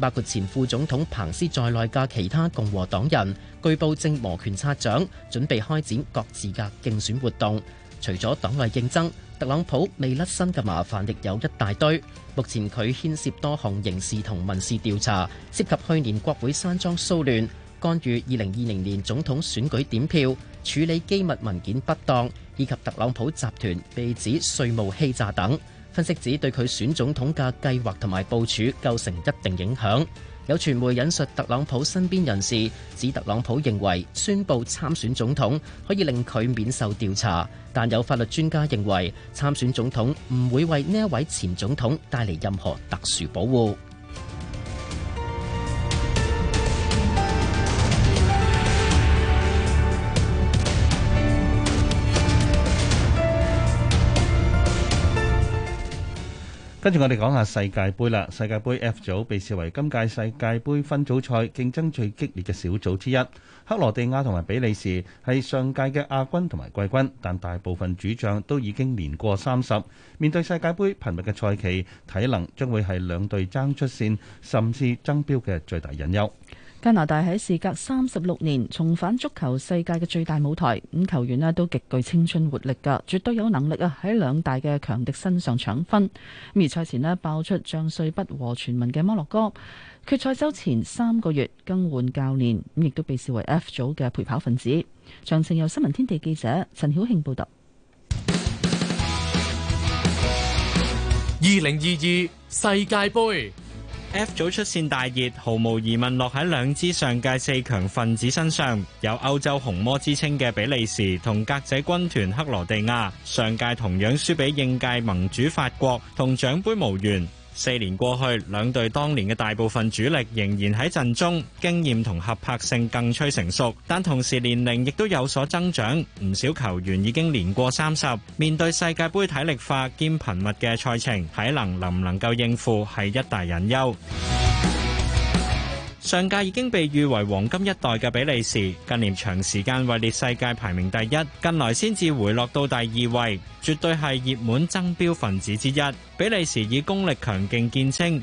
包括前副總統彭斯在內嘅其他共和黨人，據報正摩拳擦掌，準備開展各自嘅競選活動。除咗黨內競爭，特朗普未甩身嘅麻煩亦有一大堆。目前佢牽涉多項刑事同民事調查，涉及去年國會山莊騷亂、干預二零二零年總統選舉點票、處理機密文件不當，以及特朗普集團被指稅務欺詐等。分析指對佢選總統嘅計劃同埋部署構成一定影響。有傳媒引述特朗普身邊人士指，特朗普認為宣佈參選總統可以令佢免受調查，但有法律專家認為參選總統唔會為呢一位前總統帶嚟任何特殊保護。跟住我哋講下世界杯啦，世界杯 F 組被視為今屆世界杯分組賽競爭最激烈嘅小組之一。克羅地亞同埋比利時係上屆嘅亞軍同埋季軍，但大部分主將都已經年過三十。面對世界杯頻密嘅賽期，體能將會係兩隊爭出線，甚至爭標嘅最大隱憂。加拿大喺事隔三十六年重返足球世界嘅最大舞台，咁球員咧都極具青春活力噶，絕對有能力啊喺兩大嘅強敵身上搶分。而賽前咧爆出將帥不和傳聞嘅摩洛哥，決賽周前三個月更換教練，咁亦都被視為 F 組嘅陪跑分子。詳情由新聞天地記者陳曉慶報道。二零二二世界杯。F 組出線大熱，毫無疑問落喺兩支上屆四強分子身上。有歐洲紅魔之稱嘅比利時同格仔軍團克羅地亞，上屆同樣輸俾應屆盟主法國，同獎杯無緣。四年過去，兩隊當年嘅大部分主力仍然喺陣中，經驗同合拍性更趨成熟，但同時年齡亦都有所增長，唔少球員已經年過三十。面對世界盃體力化兼頻密嘅賽程，體能能唔能夠應付係一大隱憂。上屆已經被譽為黃金一代嘅比利時，近年長時間位列世界排名第一，近來先至回落到第二位，絕對係熱門爭標分子之一。比利時以功力強勁見稱。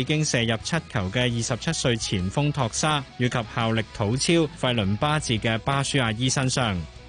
已經射入七球嘅二十七歲前鋒托沙，以及效力土超費倫巴治嘅巴舒亞伊身上。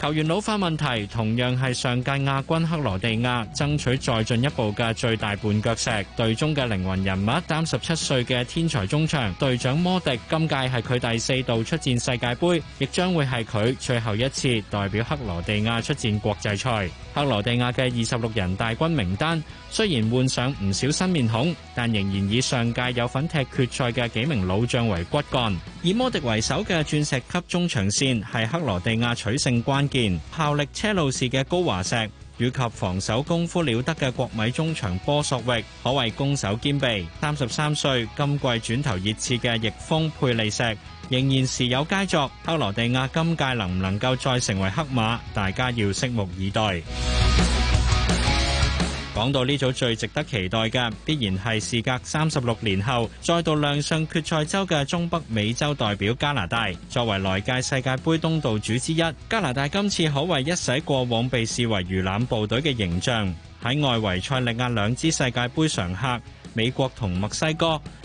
球員老化問題同樣係上屆亞軍克羅地亞爭取再進一步嘅最大絆腳石。隊中嘅靈魂人物、三十七歲嘅天才中場隊長摩迪，今屆係佢第四度出戰世界杯，亦將會係佢最後一次代表克羅地亞出戰國際賽。克羅地亞嘅二十六人大軍名單雖然換上唔少新面孔，但仍然以上屆有份踢決賽嘅幾名老將為骨幹。以摩迪為首嘅鑽石級中場線係克羅地亞取勝關鍵。件效力車路士嘅高華石，以及防守功夫了得嘅國米中場波索域，可謂攻守兼備。三十三歲，今季轉頭熱刺嘅翼鋒佩利石，仍然時有佳作。克羅地亞今屆能唔能夠再成為黑馬？大家要拭目以待。講到呢組最值得期待嘅，必然係事隔三十六年後再度亮相決賽周嘅中北美洲代表加拿大。作為來屆世界杯東道主之一，加拿大今次可謂一洗過往被視為魚腩部隊嘅形象。喺外圍賽力壓兩支世界杯常客，美國同墨西哥。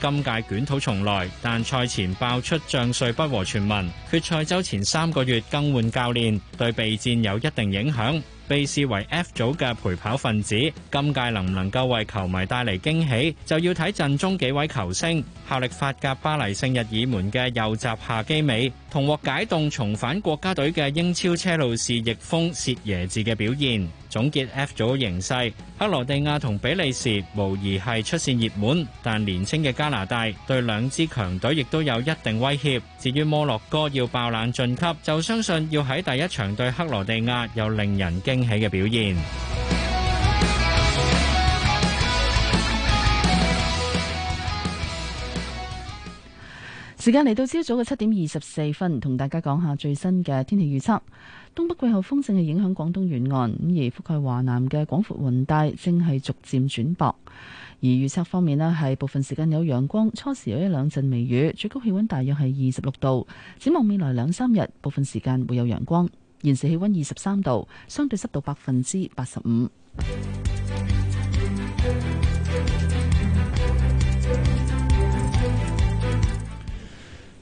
今屆捲土重來，但賽前爆出將帥不和傳聞，決賽周前三個月更換教練，對備戰有一定影響。被視為 F 組嘅陪跑分子，今屆能唔能夠為球迷帶嚟驚喜，就要睇陣中幾位球星效力法甲巴黎聖日耳門嘅右閘夏基美。同獲解凍重返國家隊嘅英超車路士翼鋒齊耶治嘅表現，總結 F 組形勢，克羅地亞同比利時無疑係出線熱門，但年輕嘅加拿大對兩支強隊亦都有一定威脅。至於摩洛哥要爆冷晉級，就相信要喺第一場對克羅地亞有令人驚喜嘅表現。時間嚟到朝早嘅七點二十四分，同大家講下最新嘅天氣預測。東北季候風正係影響廣東沿岸，咁而覆蓋華南嘅廣闊雲帶正係逐漸轉薄。而預測方面呢，係部分時間有陽光，初時有一兩陣微雨，最高氣溫大約係二十六度。展望未來兩三日，部分時間會有陽光，現時氣溫二十三度，相對濕度百分之八十五。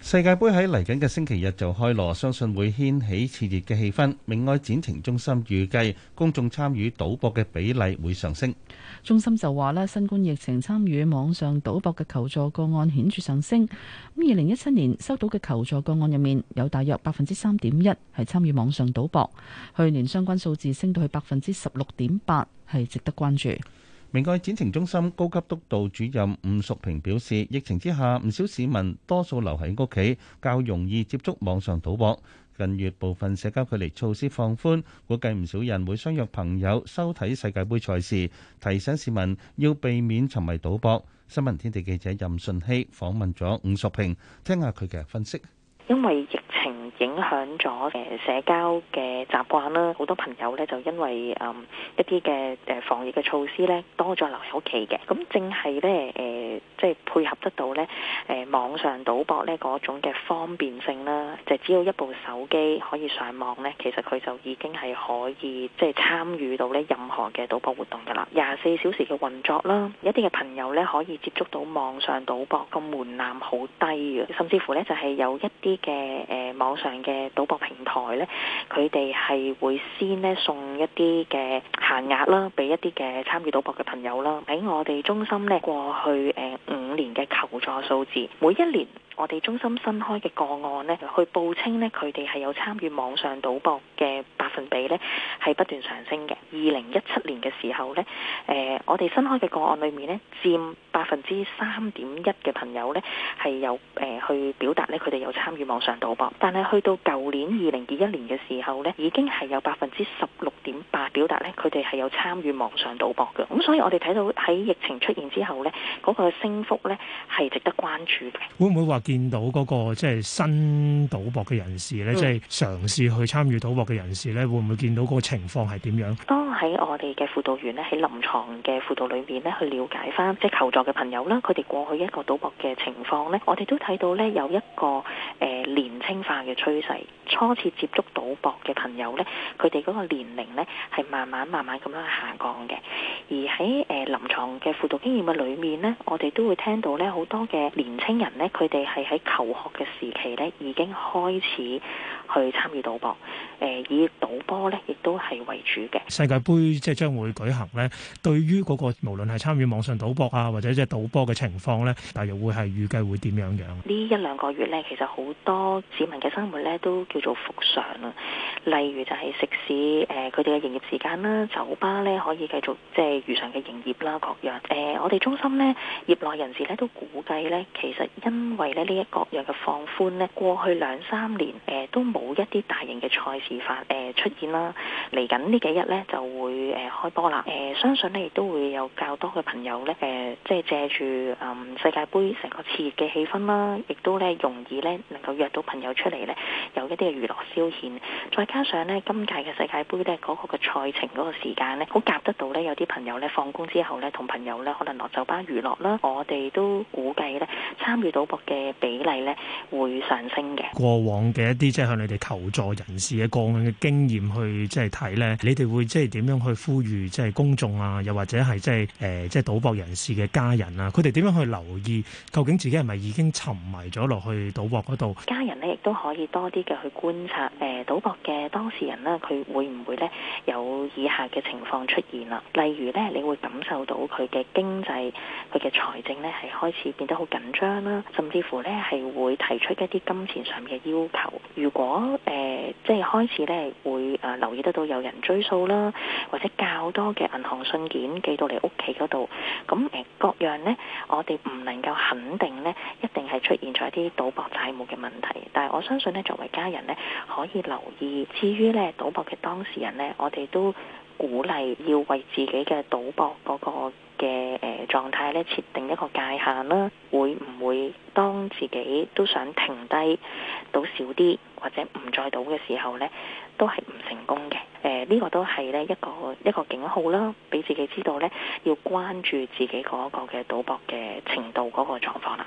世界盃喺嚟緊嘅星期日就開鑼，相信會掀起熾烈嘅氣氛。明愛展晴中心預計公眾參與賭博嘅比例會上升。中心就話啦，新冠疫情參與網上賭博嘅求助個案顯著上升。咁二零一七年收到嘅求助個案入面有大約百分之三點一係參與網上賭博，去年相關數字升到去百分之十六點八，係值得關注。明愛展程中心高級督導主任伍淑萍表示：疫情之下，唔少市民多數留喺屋企，較容易接觸網上賭博。近月部分社交距離措施放寬，估計唔少人會相約朋友收睇世界盃賽事。提醒市民要避免沉迷賭博。新聞天地記者任順熙訪問咗伍淑萍，聽下佢嘅分析。因為疫情影響咗誒社交嘅習慣啦，好多朋友咧就因為誒、嗯、一啲嘅誒防疫嘅措施咧，多咗留喺屋企嘅。咁正係咧誒，即、呃、係、就是、配合得到咧誒、呃，網上賭博咧嗰種嘅方便性啦，就是、只要一部手機可以上網咧，其實佢就已經係可以即係、就是、參與到咧任何嘅賭博活動㗎喇。廿四小時嘅運作啦，一啲嘅朋友咧可以接觸到網上賭博，個門檻好低嘅，甚至乎咧就係有一啲。嘅誒、呃、網上嘅賭博平台咧，佢哋係會先咧送一啲嘅限額啦，俾一啲嘅參與賭博嘅朋友啦。喺我哋中心咧，過去誒、呃、五年嘅求助數字，每一年。我哋中心新開嘅個案呢，去報稱呢，佢哋係有參與網上賭博嘅百分比呢，係不斷上升嘅。二零一七年嘅時候呢，誒、呃，我哋新開嘅個案裏面呢，佔百分之三點一嘅朋友呢，係有誒、呃、去表達呢，佢哋有參與網上賭博。但係去到舊年二零二一年嘅時候呢，已經係有百分之十六點八表達呢，佢哋係有參與網上賭博嘅。咁所以我哋睇到喺疫情出現之後呢，嗰、那個升幅呢，係值得關注嘅。會唔會話？見到嗰個即係新賭博嘅人士呢，即係嘗試去參與賭博嘅人士呢，會唔會見到嗰個情況係點樣？當喺我哋嘅輔導員呢，喺臨床嘅輔導裏面呢，去了解返即係求助嘅朋友啦，佢哋過去一個賭博嘅情況呢，我哋都睇到呢，有一個誒年青化嘅趨勢。初次接觸賭博嘅朋友呢，佢哋嗰個年齡呢，係慢慢慢慢咁樣下降嘅。而喺誒臨床嘅輔導經驗嘅裏面呢，我哋都會聽到呢，好多嘅年青人呢，佢哋係係喺求學嘅時期咧，已經開始去參與賭博，誒、呃、以賭波咧，亦都係為主嘅。世界杯即係將會舉行咧，對於嗰、那個無論係參與網上賭博啊，或者即係賭波嘅情況咧，大約會係預計會點樣樣？呢一兩個月咧，其實好多市民嘅生活咧都叫做復常啦。例如就係食肆，誒，佢哋嘅營業時間啦，酒吧咧可以繼續即係如常嘅營業啦，各樣誒、呃、我哋中心咧業內人士咧都估計咧，其實因為咧。呢一各樣嘅放寬呢，過去兩三年誒都冇一啲大型嘅賽事發誒出現啦。嚟緊呢幾日呢，就會誒開波啦。誒相信咧亦都會有較多嘅朋友呢，誒，即係借住世界盃成個熾熱嘅氣氛啦，亦都呢容易呢能夠約到朋友出嚟呢，有一啲嘅娛樂消遣。再加上呢，今屆嘅世界盃呢嗰個嘅賽程嗰個時間咧，好夾得到呢有啲朋友呢放工之後呢，同朋友呢可能落酒吧娛樂啦。我哋都估計呢參與賭博嘅。比例咧會上升嘅。過往嘅一啲即係向你哋求助人士嘅個案嘅經驗去即係睇咧，你哋會即係點樣去呼籲即係公眾啊，又或者係即係誒、呃、即係賭博人士嘅家人啊，佢哋點樣去留意究竟自己係咪已經沉迷咗落去賭博嗰度？家人呢亦都可以多啲嘅去觀察誒、呃、賭博嘅當事人啦，佢會唔會咧有以下嘅情況出現啦？例如咧，你會感受到佢嘅經濟、佢嘅財政咧係開始變得好緊張啦，甚至乎，咧係會提出一啲金錢上面嘅要求，如果誒、呃、即係開始咧會誒、呃、留意得到有人追數啦，或者較多嘅銀行信件寄到嚟屋企嗰度，咁、呃、各樣呢，我哋唔能夠肯定呢一定係出現咗一啲賭博債務嘅問題，但係我相信呢，作為家人呢，可以留意，至於呢賭博嘅當事人呢，我哋都鼓勵要為自己嘅賭博嗰、那個。嘅誒、呃、狀態咧，設定一個界限啦，會唔會當自己都想停低，賭少啲或者唔再賭嘅時候咧，都係唔成功嘅。誒、呃、呢、呢個都係咧一個一個警號啦，俾自己知道咧要關注自己嗰個嘅賭博嘅程度嗰個狀況啦。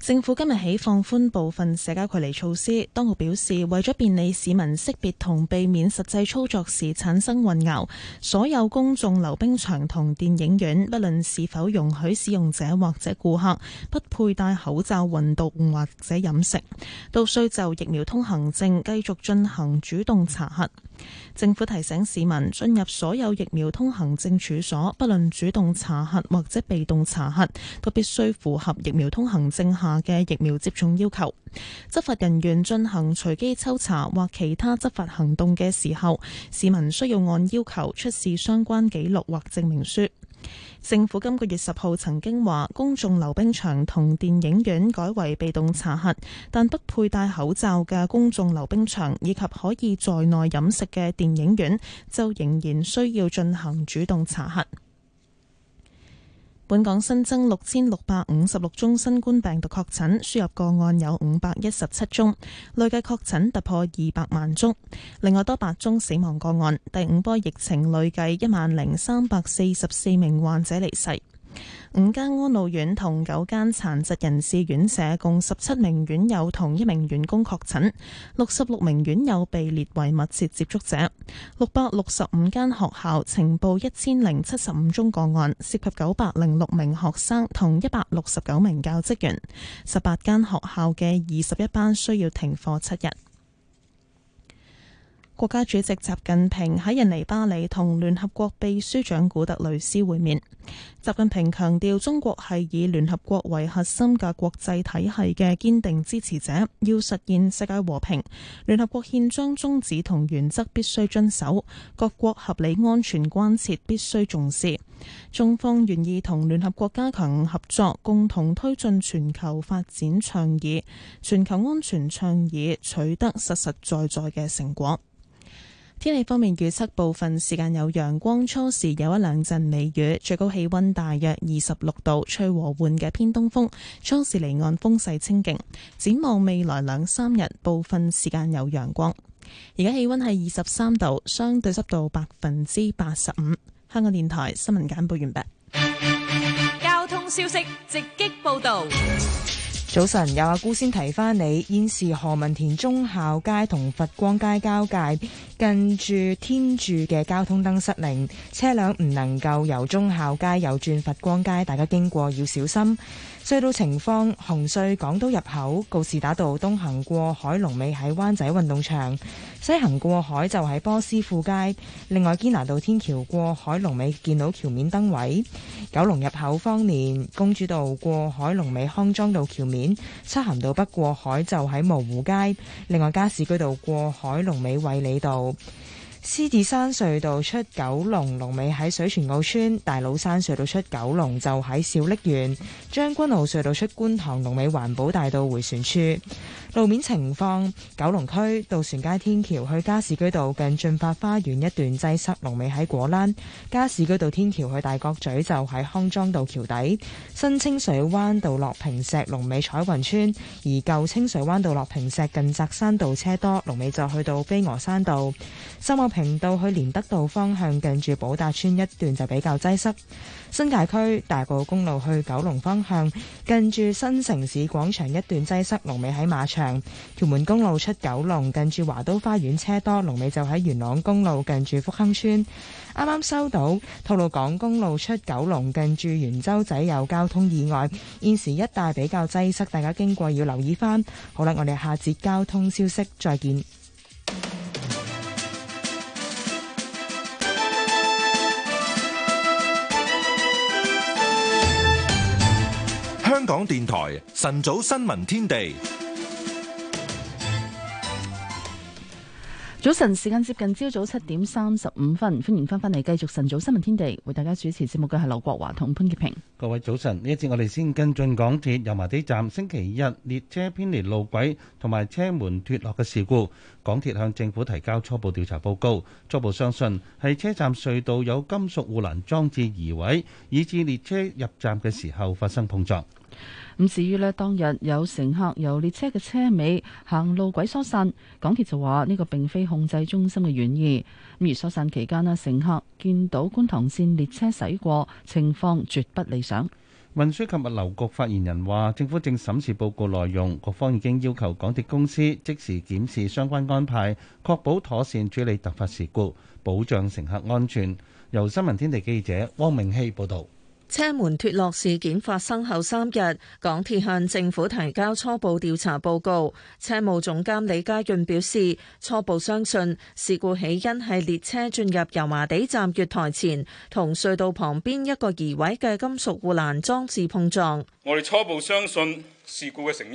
政府今日起放寬部分社交距離措施。當局表示，為咗便利市民識別同避免實際操作時產生混淆，所有公眾溜冰場同電影院，不論是否容許使用者或者顧客不佩戴口罩運動或者飲食，都需就疫苗通行證繼續進行主動查核。政府提醒市民進入所有疫苗通行證處所，不論主動查核或者被動查核，都必須符合疫苗通行證下嘅疫苗接種要求，執法人員進行隨機抽查或其他執法行動嘅時候，市民需要按要求出示相關記錄或證明書。政府今個月十號曾經話，公眾溜冰場同電影院改為被動查核，但不佩戴口罩嘅公眾溜冰場以及可以在內飲食嘅電影院就仍然需要進行主動查核。本港新增六千六百五十六宗新冠病毒確診，輸入個案有五百一十七宗，累計確診突破二百萬宗，另外多八宗死亡個案。第五波疫情累計一萬零三百四十四名患者離世。五間安老院同九間殘疾人士院舍共十七名院友同一名員工確診，六十六名院友被列為密切接觸者。六百六十五間學校呈報一千零七十五宗個案，涉及九百零六名學生同一百六十九名教職員。十八間學校嘅二十一班需要停課七日。國家主席習近平喺印尼巴厘同聯合國秘書長古特雷斯會面。習近平強調，中國係以聯合國為核心嘅國際體系嘅堅定支持者，要實現世界和平，聯合國憲章宗旨同原則必須遵守，各國合理安全關切必須重視。中方願意同聯合國加強合作，共同推進全球發展倡議、全球安全倡議取得實實在在嘅成果。天氣方面預測，部分時間有陽光，初時有一兩陣微雨，最高氣溫大約二十六度，吹和緩嘅偏東風。初時離岸風勢清勁。展望未來兩三日，部分時間有陽光。而家氣溫係二十三度，相對濕度百分之八十五。香港電台新聞簡報完畢。交通消息直擊報道。早晨，有阿姑先提翻你，現時何文田忠孝街同佛光街交界近住天柱嘅交通燈失靈，車輛唔能夠由忠孝街右轉佛光街，大家經過要小心。隧道情況，紅隧港島入口告士打道東行過海龍尾喺灣仔運動場，西行過海就喺波斯富街。另外堅拿道天橋過海龍尾見到橋面燈位，九龍入口方面，公主道過海龍尾康莊道橋面，漆咸道北過海就喺蕪湖街。另外加士居道過海龍尾衛理道。獅子山隧道出九龍龍尾喺水泉澳村，大老山隧道出九龍就喺小瀝源，將軍澳隧道出觀塘龍尾環保大道回旋處。路面情況，九龍區渡船街天橋去加士居道近駿發花園一段擠塞，龍尾喺果欄；加士居道天橋去大角咀就喺康莊道橋底。新清水灣道落坪石龍尾彩雲村，而舊清水灣道落坪石近扎山道車多，龍尾就去到飛鵝山道。秀茂坪道去連德道方向近住寶達村一段就比較擠塞。新界區大埔公路去九龍方向近住新城市廣場一段擠塞，龍尾喺馬場。屯門公路出九龍近住華都花園車多，龍尾就喺元朗公路近住福亨村。啱啱收到吐露港公路出九龍近住元洲仔有交通意外，現時一帶比較擠塞，大家經過要留意翻。好啦，我哋下節交通消息再見。港電台晨早新聞天地。早晨，時間接近朝早七點三十五分，歡迎翻返嚟繼續晨早新聞天地，為大家主持節目嘅係劉國華同潘潔平。各位早晨，呢一次我哋先跟進港鐵油麻地站星期日列車偏離路軌同埋車門脫落嘅事故，港鐵向政府提交初步調查報告，初步相信係車站隧道有金屬護欄裝置移位，以致列車入站嘅時候發生碰撞。咁至於咧，當日有乘客由列車嘅車尾行路軌疏散，港鐵就話呢個並非控制中心嘅原意。咁而疏散期間啊，乘客見到觀塘線列車駛過，情況絕不理想。運輸及物流局發言人話：政府正審視報告內容，局方已經要求港鐵公司即時檢視相關安排，確保妥善處理突發事故，保障乘客安全。由新聞天地記者汪明希報道。車門脫落事件發生後三日，港鐵向政府提交初步調查報告。車務總監李家潤表示，初步相信事故起因係列車進入油麻地站月台前，同隧道旁邊一個移位嘅金屬護欄裝置碰撞。我哋初步相信事故嘅成因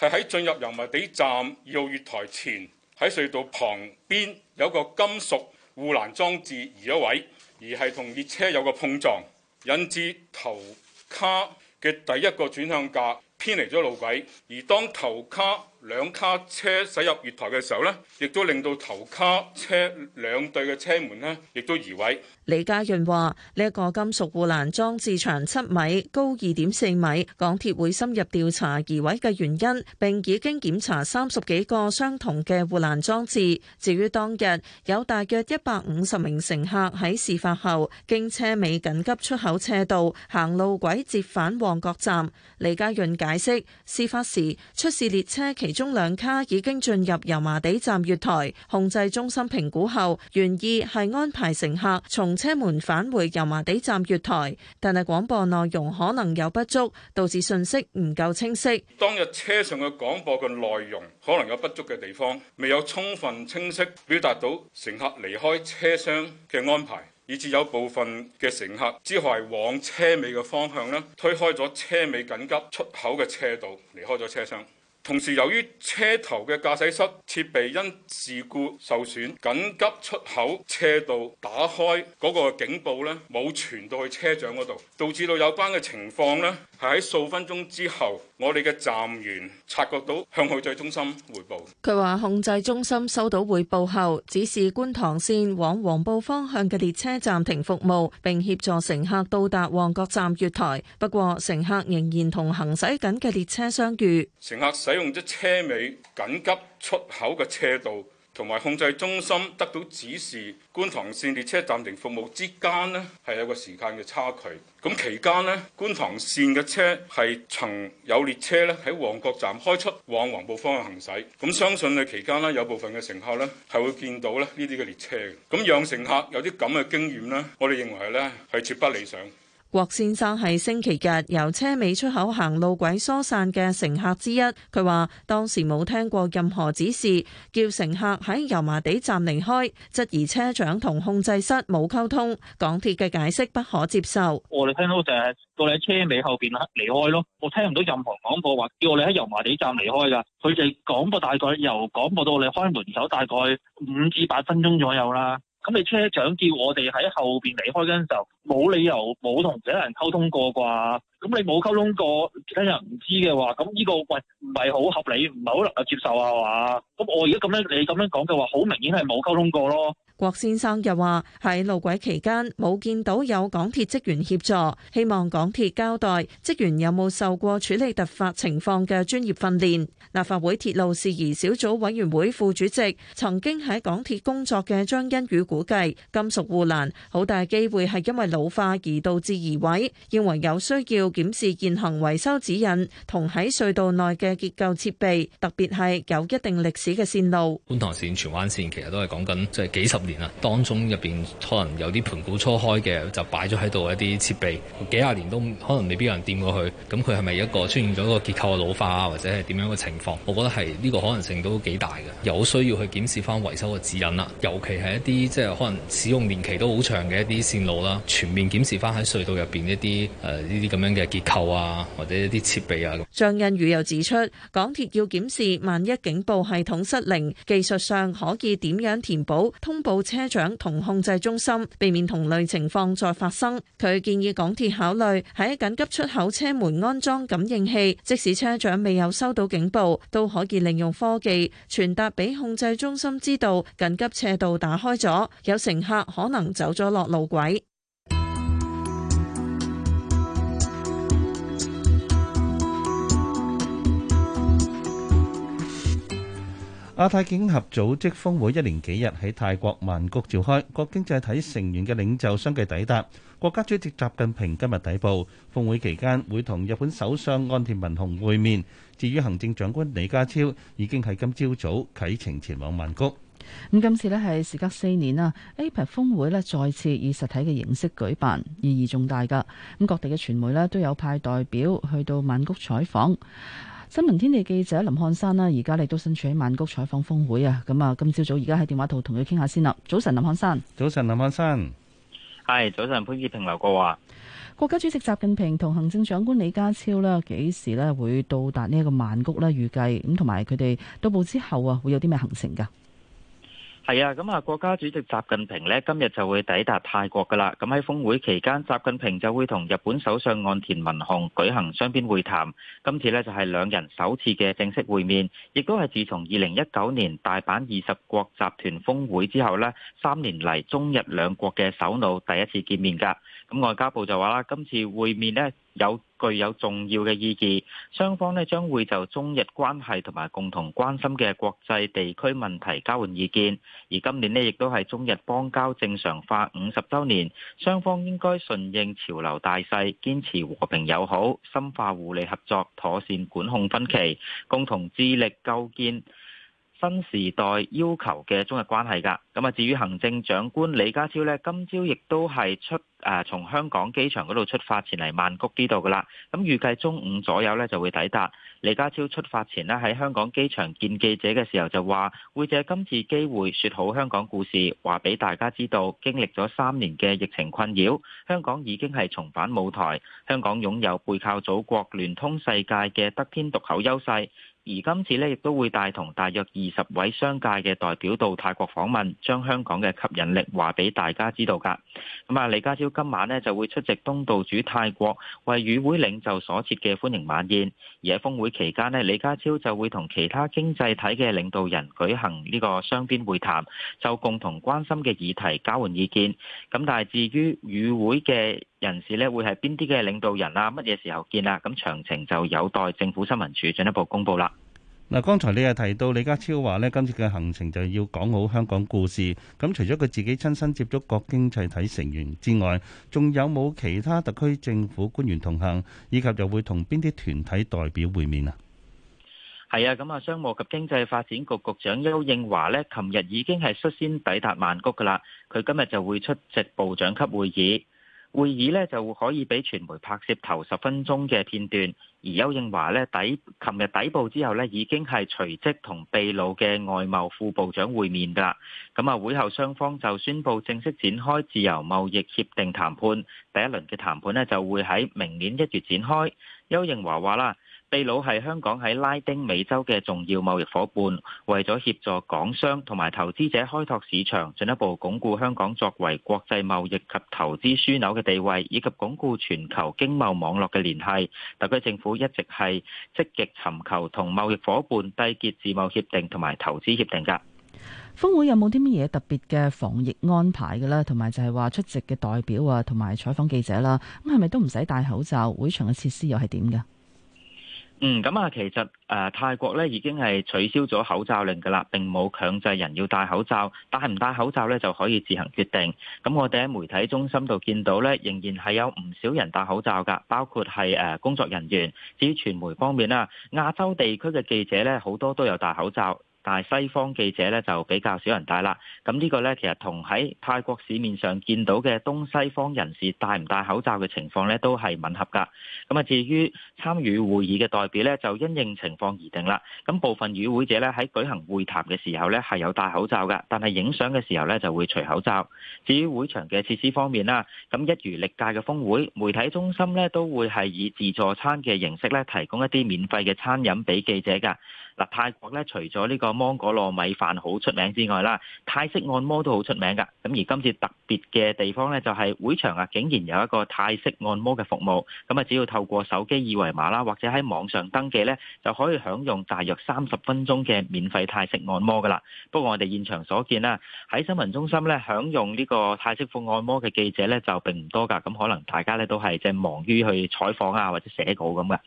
係喺進入油麻地站要月台前，喺隧道旁邊有一個金屬護欄裝置移咗位，而係同列車有個碰撞。引致頭卡嘅第一個轉向架偏離咗路軌，而當頭卡兩卡車駛入月台嘅時候呢，亦都令到頭卡車兩對嘅車門呢亦都移位。李家潤話：呢一個金屬護欄裝置長七米，高二點四米。港鐵會深入調查移位嘅原因，並已經檢查三十幾個相同嘅護欄裝置。至於當日有大約一百五十名乘客喺事發後經車尾緊急出口車道行路軌折返旺角站。李家潤解釋，事發時出事列車其中兩卡已經進入油麻地站月台，控制中心評估後，原意係安排乘客從車門返回油麻地站月台，但係廣播內容可能有不足，導致信息唔夠清晰。當日車上嘅廣播嘅內容可能有不足嘅地方，未有充分清晰表達到乘客離開車廂嘅安排，以至有部分嘅乘客只係往車尾嘅方向咧，推開咗車尾緊急出口嘅車道，離開咗車廂。同時，由於車頭嘅駕駛室設備因事故受損，緊急出口車道打開嗰個警報咧，冇傳到去車長嗰度，導致到有關嘅情況咧。係喺數分鐘之後，我哋嘅站員察覺到，向控制中心彙報。佢話控制中心收到彙報後，指示觀塘線往黃埔方向嘅列車暫停服務，並協助乘客到達旺角站月台。不過乘客仍然同行駛緊嘅列車相遇。乘客使用咗車尾緊急出口嘅車道。同埋控制中心得到指示，觀塘線列車暫停服務之間咧，係有個時間嘅差距。咁期間呢，觀塘線嘅車係曾有列車咧喺旺角站開出往黃埔方向行駛。咁相信咧期間呢，有部分嘅乘客呢係會見到咧呢啲嘅列車嘅。咁讓乘客有啲咁嘅經驗呢，我哋認為呢係絕不理想。郭先生係星期日由車尾出口行路軌疏散嘅乘客之一，佢話當時冇聽過任何指示叫乘客喺油麻地站離開，質疑車長同控制室冇溝通，港鐵嘅解釋不可接受。我哋聽到就係，到你喺車尾後邊離開咯，我聽唔到任何廣播話叫我哋喺油麻地站離開噶，佢哋廣播大概由廣播到我哋開門走大概五至八分鐘左右啦。咁你車長叫我哋喺後邊離開嗰陣時候，冇理由冇同其他人溝通過啩？咁你冇溝通過，其他人唔知嘅話，咁呢個喂唔係好合理，唔係好能夠接受啊嘛？咁我而家咁樣你咁樣講嘅話，好明顯係冇溝通過咯。郭先生又話：喺路軌期間冇見到有港鐵職員協助，希望港鐵交代職員有冇受過處理突發情況嘅專業訓練。立法會鐵路事宜小組委員會副主席曾經喺港鐵工作嘅張欣宇估計，金屬護欄好大機會係因為老化而導致移位，認為有需要檢視現行維修指引同喺隧道內嘅結構設備，特別係有一定歷史嘅線路。觀塘線、荃灣線其實都係講緊即係幾十。當中入邊可能有啲盤古初開嘅，就擺咗喺度一啲設備，幾廿年都可能未必有人掂過去。咁佢係咪一個出現咗一個結構嘅老化啊，或者係點樣嘅情況？我覺得係呢個可能性都幾大嘅，有需要去檢視返維修嘅指引啦。尤其係一啲即係可能使用年期都好長嘅一啲線路啦，全面檢視返喺隧道入邊一啲誒呢啲咁樣嘅結構啊，或者一啲設備啊。張欣宇又指出，港鐵要檢視萬一警報系統失靈，技術上可以點樣填補通報。到車長同控制中心，避免同類情況再發生。佢建議港鐵考慮喺緊急出口車門安裝感應器，即使車長未有收到警報，都可以利用科技傳達俾控制中心知道緊急斜道打開咗，有乘客可能走咗落路軌。亞太經合組織峰會一連幾日喺泰國曼谷召開，各經濟體成員嘅領袖相繼抵達。國家主席習近平今日抵埗，峰會期間會同日本首相岸田文雄會面。至於行政長官李家超，已經喺今朝早啟程前往曼谷。咁今次呢係時隔四年啊，APEC 峰會呢再次以實體嘅形式舉辦，意義重大㗎。咁各地嘅傳媒呢都有派代表去到曼谷採訪。新聞天地記者林漢山啦、啊，而家咧都身處喺曼谷採訪峰會啊，咁啊，今朝早而家喺電話度同佢傾下先啦、啊。早晨，林漢山。早晨，漢山 Hi，早晨，林漢山。係，早晨潘潔平、劉國華。國家主席習近平同行政長官李家超咧，幾時咧會到達呢一個曼谷咧？預計咁同埋佢哋到埗之後啊，會有啲咩行程噶？係啊，咁啊，國家主席習近平呢今日就會抵達泰國㗎喇。咁喺峰會期間，習近平就會同日本首相岸田文雄舉行雙邊會談。今次呢就係兩人首次嘅正式會面，亦都係自從二零一九年大阪二十國集團峰會之後呢三年嚟中日兩國嘅首腦第一次見面㗎。咁外交部就話啦，今次會面咧有具有重要嘅意義，雙方咧將會就中日關係同埋共同關心嘅國際地區問題交換意見。而今年咧亦都係中日邦交正常化五十周年，雙方應該順應潮流大勢，堅持和平友好，深化互利合作，妥善管控分歧，共同致力構建。新時代要求嘅中日關係噶，咁啊，至於行政長官李家超呢，今朝亦都係出誒，從、呃、香港機場嗰度出發，前嚟曼谷呢度噶啦，咁預計中午左右呢，就會抵達。李家超出發前呢，喺香港機場見記者嘅時候就話，會借今次機會說好香港故事，話俾大家知道，經歷咗三年嘅疫情困擾，香港已經係重返舞台，香港擁有背靠祖國、聯通世界嘅得天獨厚優勢。而今次呢，亦都會帶同大約二十位商界嘅代表到泰國訪問，將香港嘅吸引力話俾大家知道㗎。咁啊，李家超今晚呢，就會出席東道主泰國為與會領袖所設嘅歡迎晚宴，而喺峰會期間呢，李家超就會同其他經濟體嘅領導人舉行呢個雙邊會談，就共同關心嘅議題交換意見。咁但係至於與會嘅，人士咧，會係邊啲嘅領導人啊？乜嘢時候見啊？咁詳情就有待政府新聞處進一步公布啦。嗱，剛才你又提到李家超話呢，今次嘅行程就要講好香港故事。咁除咗佢自己親身接觸各經濟體成員之外，仲有冇其他特區政府官員同行？以及又會同邊啲團體代表會面啊？係啊，咁啊，商務及經濟發展局局長邱應華呢，琴日已經係率先抵達曼谷噶啦。佢今日就會出席部長級會議。會議咧就可以俾傳媒拍攝頭十分鐘嘅片段，而邱應華呢，底琴日抵埗之後呢，已經係隨即同秘魯嘅外貿副部長會面㗎，咁啊會後雙方就宣布正式展開自由貿易協定談判，第一輪嘅談判呢，就會喺明年一月展開。邱應華話啦。秘魯係香港喺拉丁美洲嘅重要貿易夥伴。為咗協助港商同埋投資者開拓市場，進一步鞏固香港作為國際貿易及投資樞紐嘅地位，以及鞏固全球經貿網絡嘅聯繫，特區政府一直係積極尋求同貿易夥伴締結自貿協定同埋投資協定噶峰會有冇啲乜嘢特別嘅防疫安排噶啦？同埋就係話出席嘅代表啊，同埋採訪記者啦、啊，咁係咪都唔使戴口罩？會場嘅設施又係點噶？嗯，咁啊，其實誒、呃、泰國咧已經係取消咗口罩令噶啦，並冇強制人要戴口罩，戴唔戴口罩咧就可以自行決定。咁我哋喺媒體中心度見到咧，仍然係有唔少人戴口罩噶，包括係誒工作人員。至於傳媒方面啦，亞洲地區嘅記者咧，好多都有戴口罩。但係西方記者咧就比較少人戴啦。咁呢個咧其實同喺泰國市面上見到嘅東西方人士戴唔戴口罩嘅情況咧都係吻合㗎。咁啊，至於參與會議嘅代表咧，就因應情況而定啦。咁部分與會者咧喺舉行會談嘅時候咧係有戴口罩㗎，但係影相嘅時候咧就會除口罩。至於會場嘅設施方面啦，咁一如歷屆嘅峰會，媒體中心咧都會係以自助餐嘅形式咧提供一啲免費嘅餐飲俾記者㗎。嗱，泰國咧除咗呢個芒果糯米飯好出名之外啦，泰式按摩都好出名㗎。咁而今次特別嘅地方咧，就係會場啊，竟然有一個泰式按摩嘅服務。咁啊，只要透過手機二維碼啦，或者喺網上登記咧，就可以享用大約三十分鐘嘅免費泰式按摩㗎啦。不過我哋現場所見啊，喺新聞中心咧，享用呢個泰式放按摩嘅記者咧就並唔多㗎。咁可能大家咧都係即係忙於去採訪啊，或者寫稿咁嘅。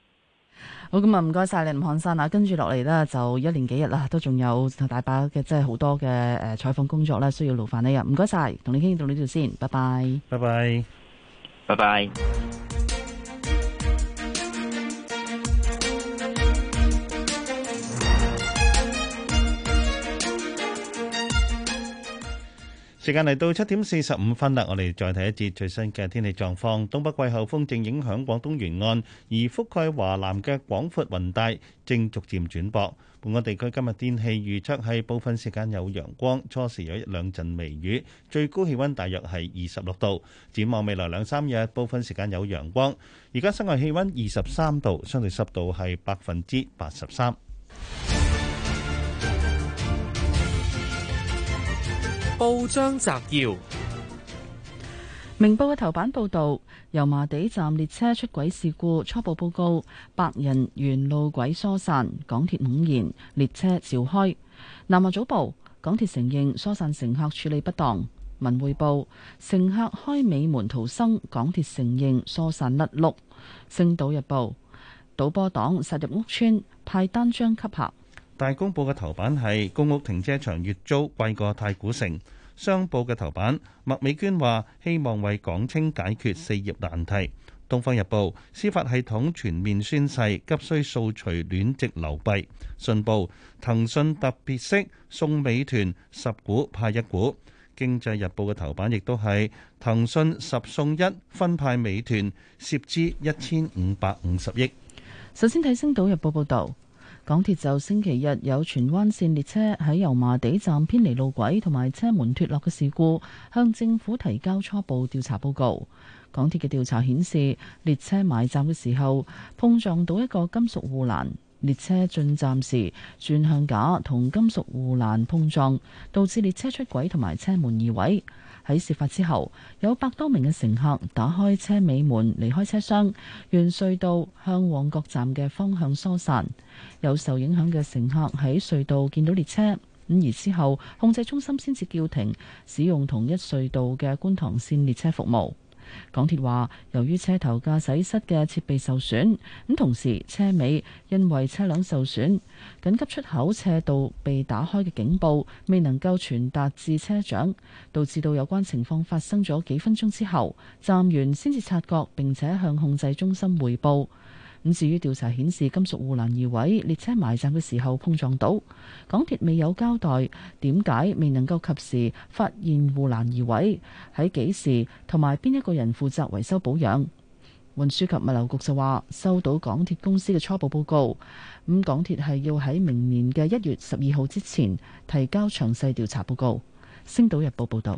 好，咁啊，唔該晒你，吳漢山啊，跟住落嚟咧，就一連幾日啦，都仲有大把嘅即係好多嘅誒採訪工作咧，需要勞煩你啊，唔該晒，同你傾到呢度先，拜拜，拜拜，拜拜。時間嚟到七點四十五分啦，我哋再睇一節最新嘅天氣狀況。東北季候風正影響廣東沿岸，而覆蓋華南嘅廣闊雲帶正逐漸轉薄。本港地區今日天氣預測係部分時間有陽光，初時有一兩陣微雨，最高氣溫大約係二十六度。展望未來兩三日，部分時間有陽光。而家室外氣溫二十三度，相對濕度係百分之八十三。報章摘要：明報嘅頭版報道，油麻地站列車出軌事故初步報告，百人沿路軌疏散，港鐵恐言列車照開。南華早報，港鐵承認疏散乘客處理不當。文匯報，乘客開尾門逃生，港鐵承認疏散甩轆。星島日報，賭波黨殺入屋村派單張吸客。大公報嘅頭版係公屋停車場月租貴過太古城，商報嘅頭版麥美娟話希望為港青解決四業難題。《東方日報》司法系統全面宣誓，急需掃除亂植流弊。信報，騰訊特別息送美團十股派一股。經濟日報嘅頭版亦都係騰訊十送一分派美團，涉資一千五百五十億。首先睇《星島日報》報道。港鐵就星期日有荃灣線列車喺油麻地站偏離路軌同埋車門脫落嘅事故，向政府提交初步調查報告。港鐵嘅調查顯示，列車埋站嘅時候碰撞到一個金屬護欄，列車進站時轉向架同金屬護欄碰撞，導致列車出軌同埋車門移位。喺事發之後，有百多名嘅乘客打開車尾門離開車廂，沿隧道向旺角站嘅方向疏散。有受影響嘅乘客喺隧道見到列車，咁而之後控制中心先至叫停使用同一隧道嘅觀塘線列車服務。港鐵話：由於車頭駕駛室嘅設備受損，咁同時車尾因為車輛受損，緊急出口斜道被打開嘅警報未能夠傳達至車長，導致到有關情況發生咗幾分鐘之後，站員先至察覺，並且向控制中心匯報。咁至於調查顯示金屬護欄移位，列車埋站嘅時候碰撞到港鐵，未有交代點解未能夠及時發現護欄移位喺幾時，同埋邊一個人負責維修保養。運輸及物流局就話收到港鐵公司嘅初步報告，咁港鐵係要喺明年嘅一月十二號之前提交詳細調查報告。《星島日報》報道。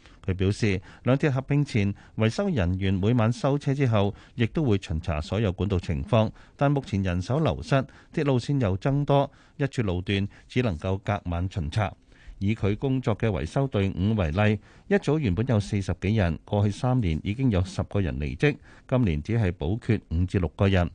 佢表示，兩鐵合併前，維修人員每晚收車之後，亦都會巡查所有管道情況。但目前人手流失，鐵路線又增多，一處路段只能夠隔晚巡查。以佢工作嘅維修隊伍為例，一組原本有四十幾人，過去三年已經有十個人離職，今年只係補缺五至六個人。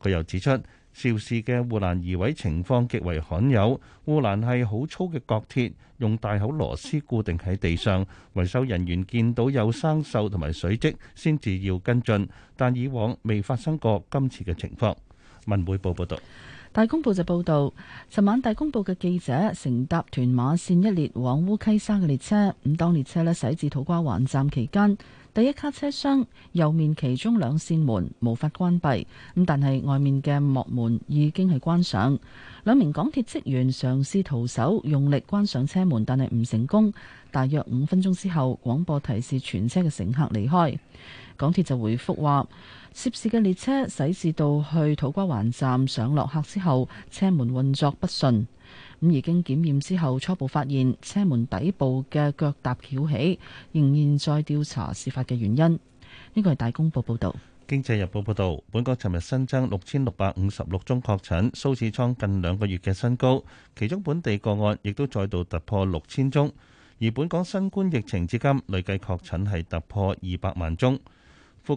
佢又指出，肇事嘅護欄移位情況極為罕有，護欄係好粗嘅角鐵，用大口螺絲固定喺地上。維修人員見到有生銹同埋水迹先至要跟進，但以往未發生過今次嘅情況。文匯報報道，大公報就報道，尋晚大公報嘅記者乘搭屯馬綫一列往烏溪沙嘅列車，咁當列車呢駛至土瓜灣站期間。第一卡車廂右面其中兩扇門無法關閉，咁但係外面嘅幕門已經係關上。兩名港鐵職員嘗試徒手用力關上車門，但係唔成功。大約五分鐘之後，廣播提示全車嘅乘客離開。港鐵就回覆話，涉事嘅列車駛至到去土瓜灣站上落客之後車門運作不順。咁已經檢驗之後，初步發現車門底部嘅腳踏翹起，仍然在調查事發嘅原因。呢個係大公報報導，《經濟日報》報導，本港尋日新增六千六百五十六宗確診，數字創近兩個月嘅新高，其中本地個案亦都再度突破六千宗，而本港新冠疫情至今累計確診係突破二百萬宗。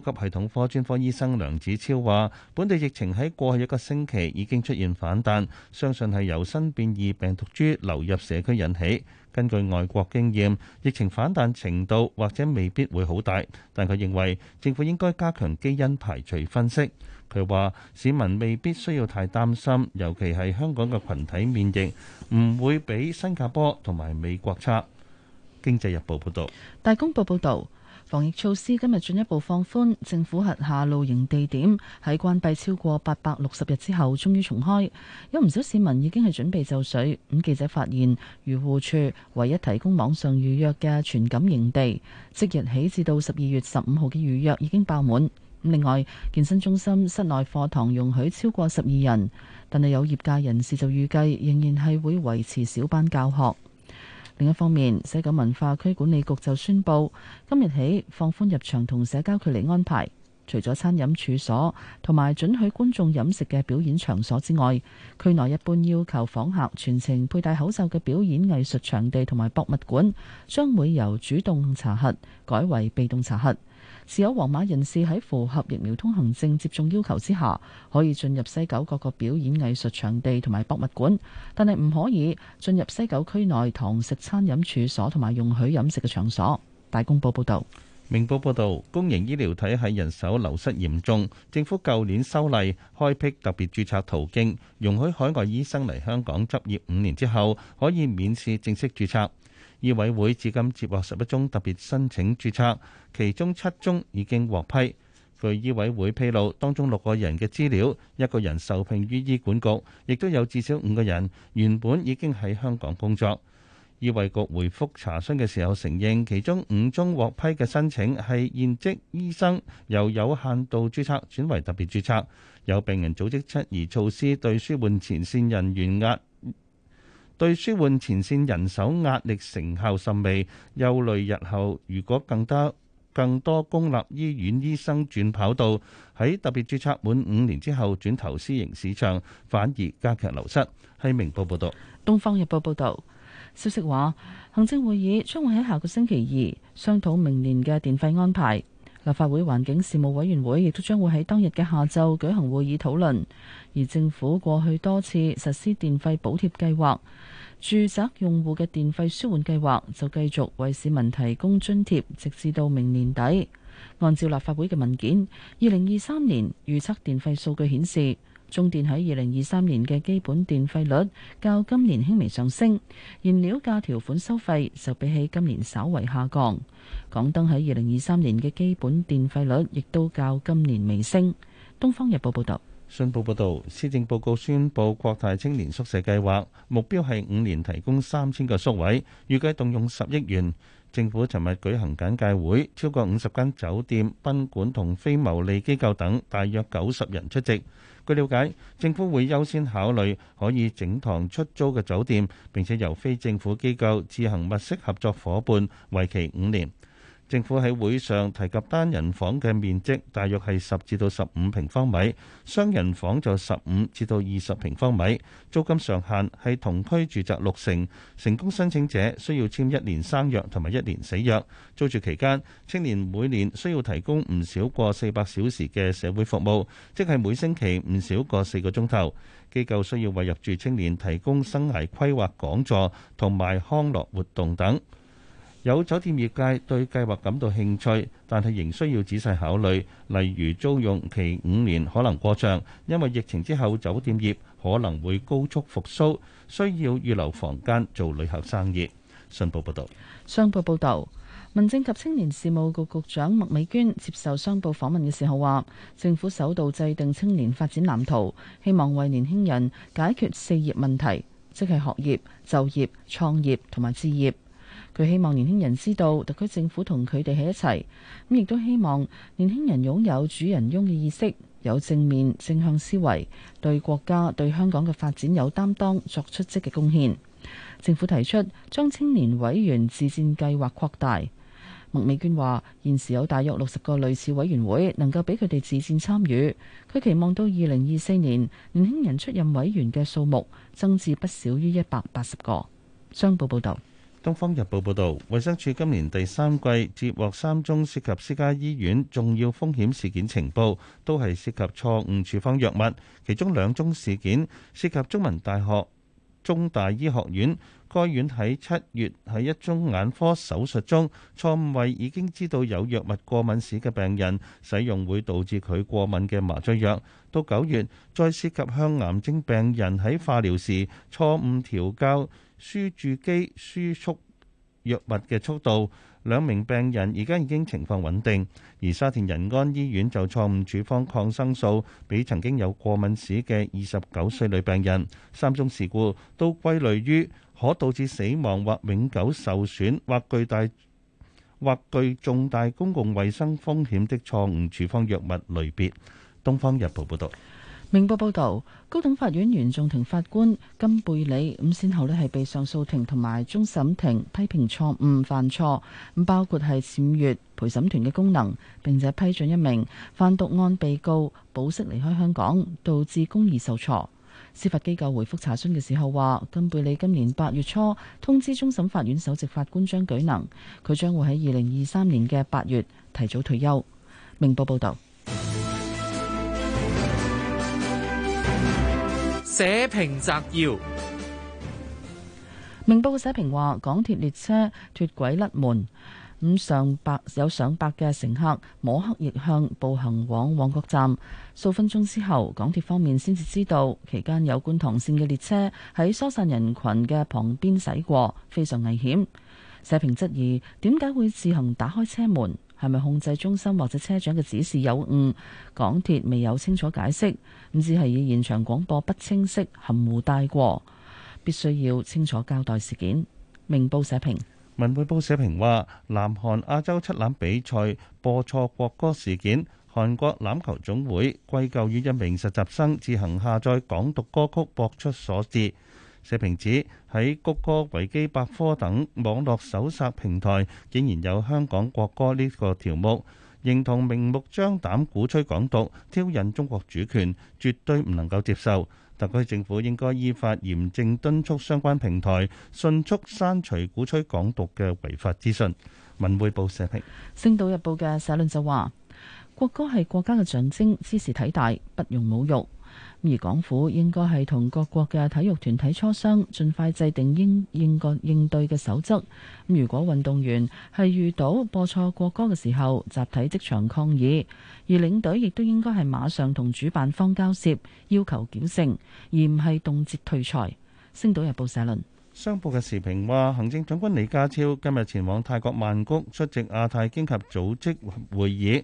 呼吸系統科專科醫生梁子超話，本地疫情喺過去一個星期已經出現反彈，相信係由新變異病毒株流入社區引起。根據外國經驗，疫情反彈程度或者未必會好大。但佢認為政府應該加強基因排除分析。佢話：市民未必需要太擔心，尤其係香港嘅群體免疫唔會比新加坡同埋美國差。經濟日報報道，大公報報道。防疫措施今日進一步放寬，政府轄下露營地點喺關閉超過八百六十日之後，終於重開。有唔少市民已經係準備就緒。咁記者發現，漁護處唯一提供網上預約嘅全感營地，即日起至到十二月十五號嘅預約已經爆滿。另外，健身中心、室內課堂容許超過十二人，但係有業界人士就預計仍然係會維持小班教學。另一方面，西九文化區管理局就宣布，今日起放寬入場同社交距離安排，除咗餐飲處所同埋准許觀眾飲食嘅表演場所之外，區內一般要求訪客全程佩戴口罩嘅表演藝術場地同埋博物館，將會由主動查核改為被動查核。持有皇馬人士喺符合疫苗通行證接種要求之下，可以進入西九各個表演藝術場地同埋博物館，但係唔可以進入西九區內堂食餐飲處所同埋容許飲食嘅場所。大公報報道。明報報道，公營醫療體系人手流失嚴重，政府舊年修例開闢特別註冊途徑，容許海外醫生嚟香港執業五年之後可以免試正式註冊。醫委會至今接獲十一宗特別申請注冊，其中七宗已經獲批。據醫委會披露，當中六個人嘅資料，一個人受聘於醫管局，亦都有至少五個人原本已經喺香港工作。醫衛局回覆查詢嘅時候承認，其中五宗獲批嘅申請係現職醫生由有限度注冊轉為特別注冊，有病人組織質疑措施對舒緩前綫人員壓。對舒緩前綫人手壓力成效甚微，憂慮日後如果更多更多公立醫院醫生轉跑道，喺特別注冊滿五年之後轉投私營市場，反而加劇流失。係明報報道，東方日報報道消息話，行政會議將會喺下個星期二商討明年嘅電費安排。立法會環境事務委員會亦都將會喺當日嘅下晝舉行會議討論，而政府過去多次實施電費補貼計劃，住宅用戶嘅電費紓緩計劃就繼續為市民提供津貼，直至到明年底。按照立法會嘅文件，二零二三年預測電費數據顯示。中電喺二零二三年嘅基本電費率較今年輕微上升，燃料價條款收費就比起今年稍微下降。港燈喺二零二三年嘅基本電費率亦都較今年微升。《東方日報》報道，《信報》報導，施政報告宣布國泰青年宿舍計劃目標係五年提供三千個宿位，預計動用十億元。政府尋日舉行簡介會，超過五十間酒店、賓館同非牟利機構等，大約九十人出席。據了解，政府會優先考慮可以整堂出租嘅酒店，並且由非政府機構自行物色合作伙伴，為期五年。政府喺會上提及單人房嘅面積大約係十至到十五平方米，雙人房就十五至到二十平方米。租金上限係同區住宅六成。成功申請者需要簽一年生約同埋一年死約。租住期間，青年每年需要提供唔少過四百小時嘅社會服務，即係每星期唔少過四個鐘頭。機構需要為入住青年提供生涯規劃講座同埋康樂活動等。有酒店業界對計劃感到興趣，但係仍需要仔細考慮，例如租用期五年可能過長，因為疫情之後酒店業可能會高速復甦，需要預留房間做旅客生意。信報報導，商報報道：民政及青年事務局局，局長麥美娟接受商報訪問嘅時候話，政府首度制定青年發展藍圖，希望為年輕人解決四業問題，即係學業、就業、創業同埋置業。佢希望年輕人知道特區政府同佢哋喺一齊，咁亦都希望年輕人擁有主人翁嘅意識，有正面正向思維，對國家對香港嘅發展有擔當，作出積極貢獻。政府提出將青年委員自薦計劃擴大。麥美娟話：現時有大約六十個類似委員會能夠俾佢哋自薦參與。佢期望到二零二四年，年輕人出任委員嘅數目增至不少於一百八十個。商報報道。《東方日報》報導，衛生署今年第三季接獲三宗涉及私家醫院重要風險事件情報，都係涉及錯誤處方藥物。其中兩宗事件涉及中文大學中大醫學院，該院喺七月喺一宗眼科手術中，錯誤為已經知道有藥物過敏史嘅病人使用會導致佢過敏嘅麻醉藥。到九月，再涉及向癌症病人喺化療時錯誤調校輸注機輸速藥物嘅速度，兩名病人而家已經情況穩定。而沙田仁安醫院就錯誤處方抗生素，俾曾經有過敏史嘅二十九歲女病人。三宗事故都歸類於可導致死亡或永久受損或巨大或具重大公共衛生風險的錯誤處方藥物類別。東方日報報道。明報報道，高等法院原訟庭法官金貝里咁先後咧，係被上訴庭同埋終審庭批評錯誤犯犯錯，咁包括係僭越陪審團嘅功能，並且批准一名販毒案被告保釋離開香港，導致公義受挫。司法機構回覆查詢嘅時候話，金貝里今年八月初通知終審法院首席法官張舉能，佢將會喺二零二三年嘅八月提早退休。明報報道。社評摘要：寫明報嘅社評話，港鐵列車脫軌甩門，咁上百有上百嘅乘客摸黑逆向步行往旺角站。數分鐘之後，港鐵方面先至知道期間有觀塘綫嘅列車喺疏散人群嘅旁邊駛過，非常危險。社評質疑點解會自行打開車門，係咪控制中心或者車長嘅指示有誤？港鐵未有清楚解釋。唔只係以現場廣播不清晰含糊帶過，必須要清楚交代事件。明報社評，文匯報社評話，南韓亞洲七欖比賽播錯國歌事件，韓國欖球總會歸咎於一名實習生自行下載港獨歌曲播出所致。社評指喺谷歌維基百科等網絡搜索平台，竟然有香港國歌呢個條目。認同明目張膽鼓吹港獨、挑釁中國主權，絕對唔能夠接受。特區政府應該依法嚴正敦促相關平台迅速刪除鼓吹港獨嘅違法資訊。文匯報社評。《星島日報》嘅社論就話：國歌係國家嘅象徵，茲事體大，不容侮辱。而港府應該係同各國嘅體育團體磋商，盡快制定應應該應對嘅守則。如果運動員係遇到播錯國歌嘅時候，集體即場抗議，而領隊亦都應該係馬上同主辦方交涉，要求改正，而唔係動輒退賽。星島日報社論。商報嘅時評話，行政長官李家超今日前往泰國曼谷出席亞太經合組織會議。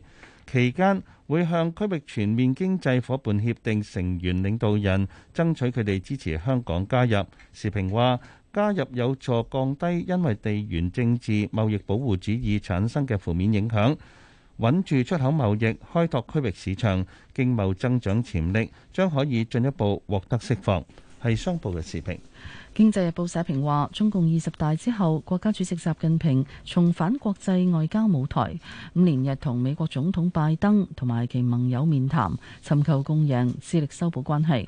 期間會向區域全面經濟夥伴協定成員領導人爭取佢哋支持香港加入。時評話，加入有助降低因為地緣政治、貿易保護主義產生嘅負面影響，穩住出口貿易，開拓區域市場，經貿增長潛力將可以進一步獲得釋放。係商報嘅時評。經濟日報社評話：中共二十大之後，國家主席習近平重返國際外交舞台，五連日同美國總統拜登同埋其盟友面談，尋求共贏，致力修補關係。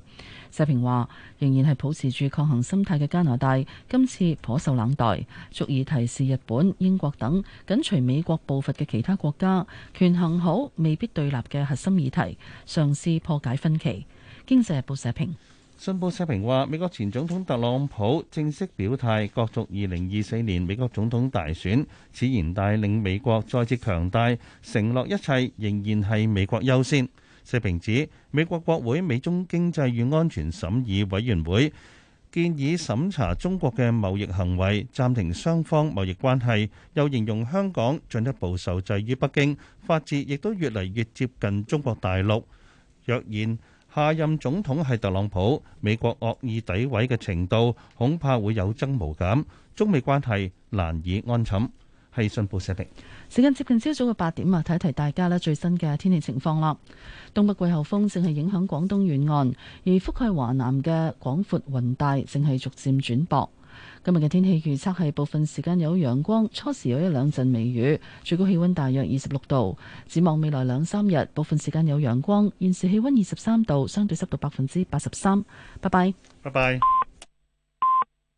社評話，仍然係保持住抗衡心態嘅加拿大，今次頗受冷待，足以提示日本、英國等緊隨美國步伐嘅其他國家，權衡好未必對立嘅核心議題，嘗試破解分歧。經濟日報社評。信報社評話，美國前總統特朗普正式表態角逐二零二四年美國總統大選，此言帶領美國再次強大，承諾一切仍然係美國優先。社評指美國國會美中經濟與安全審議委員會建議審查中國嘅貿易行為，暫停雙方貿易關係，又形容香港進一步受制於北京，法治亦都越嚟越接近中國大陸。若然下任總統係特朗普，美國惡意詆毀嘅程度恐怕會有增無減，中美關係難以安枕，係信報社評。時間接近朝早嘅八點嘛，睇一睇大家咧最新嘅天氣情況啦。東北季候風正係影響廣東沿岸，而覆蓋華南嘅廣闊雲帶正係逐漸轉薄。今日嘅天氣預測係部分時間有陽光，初時有一兩陣微雨，最高氣溫大約二十六度。展望未來兩三日，部分時間有陽光。現時氣溫二十三度，相對濕度百分之八十三。拜拜。拜拜。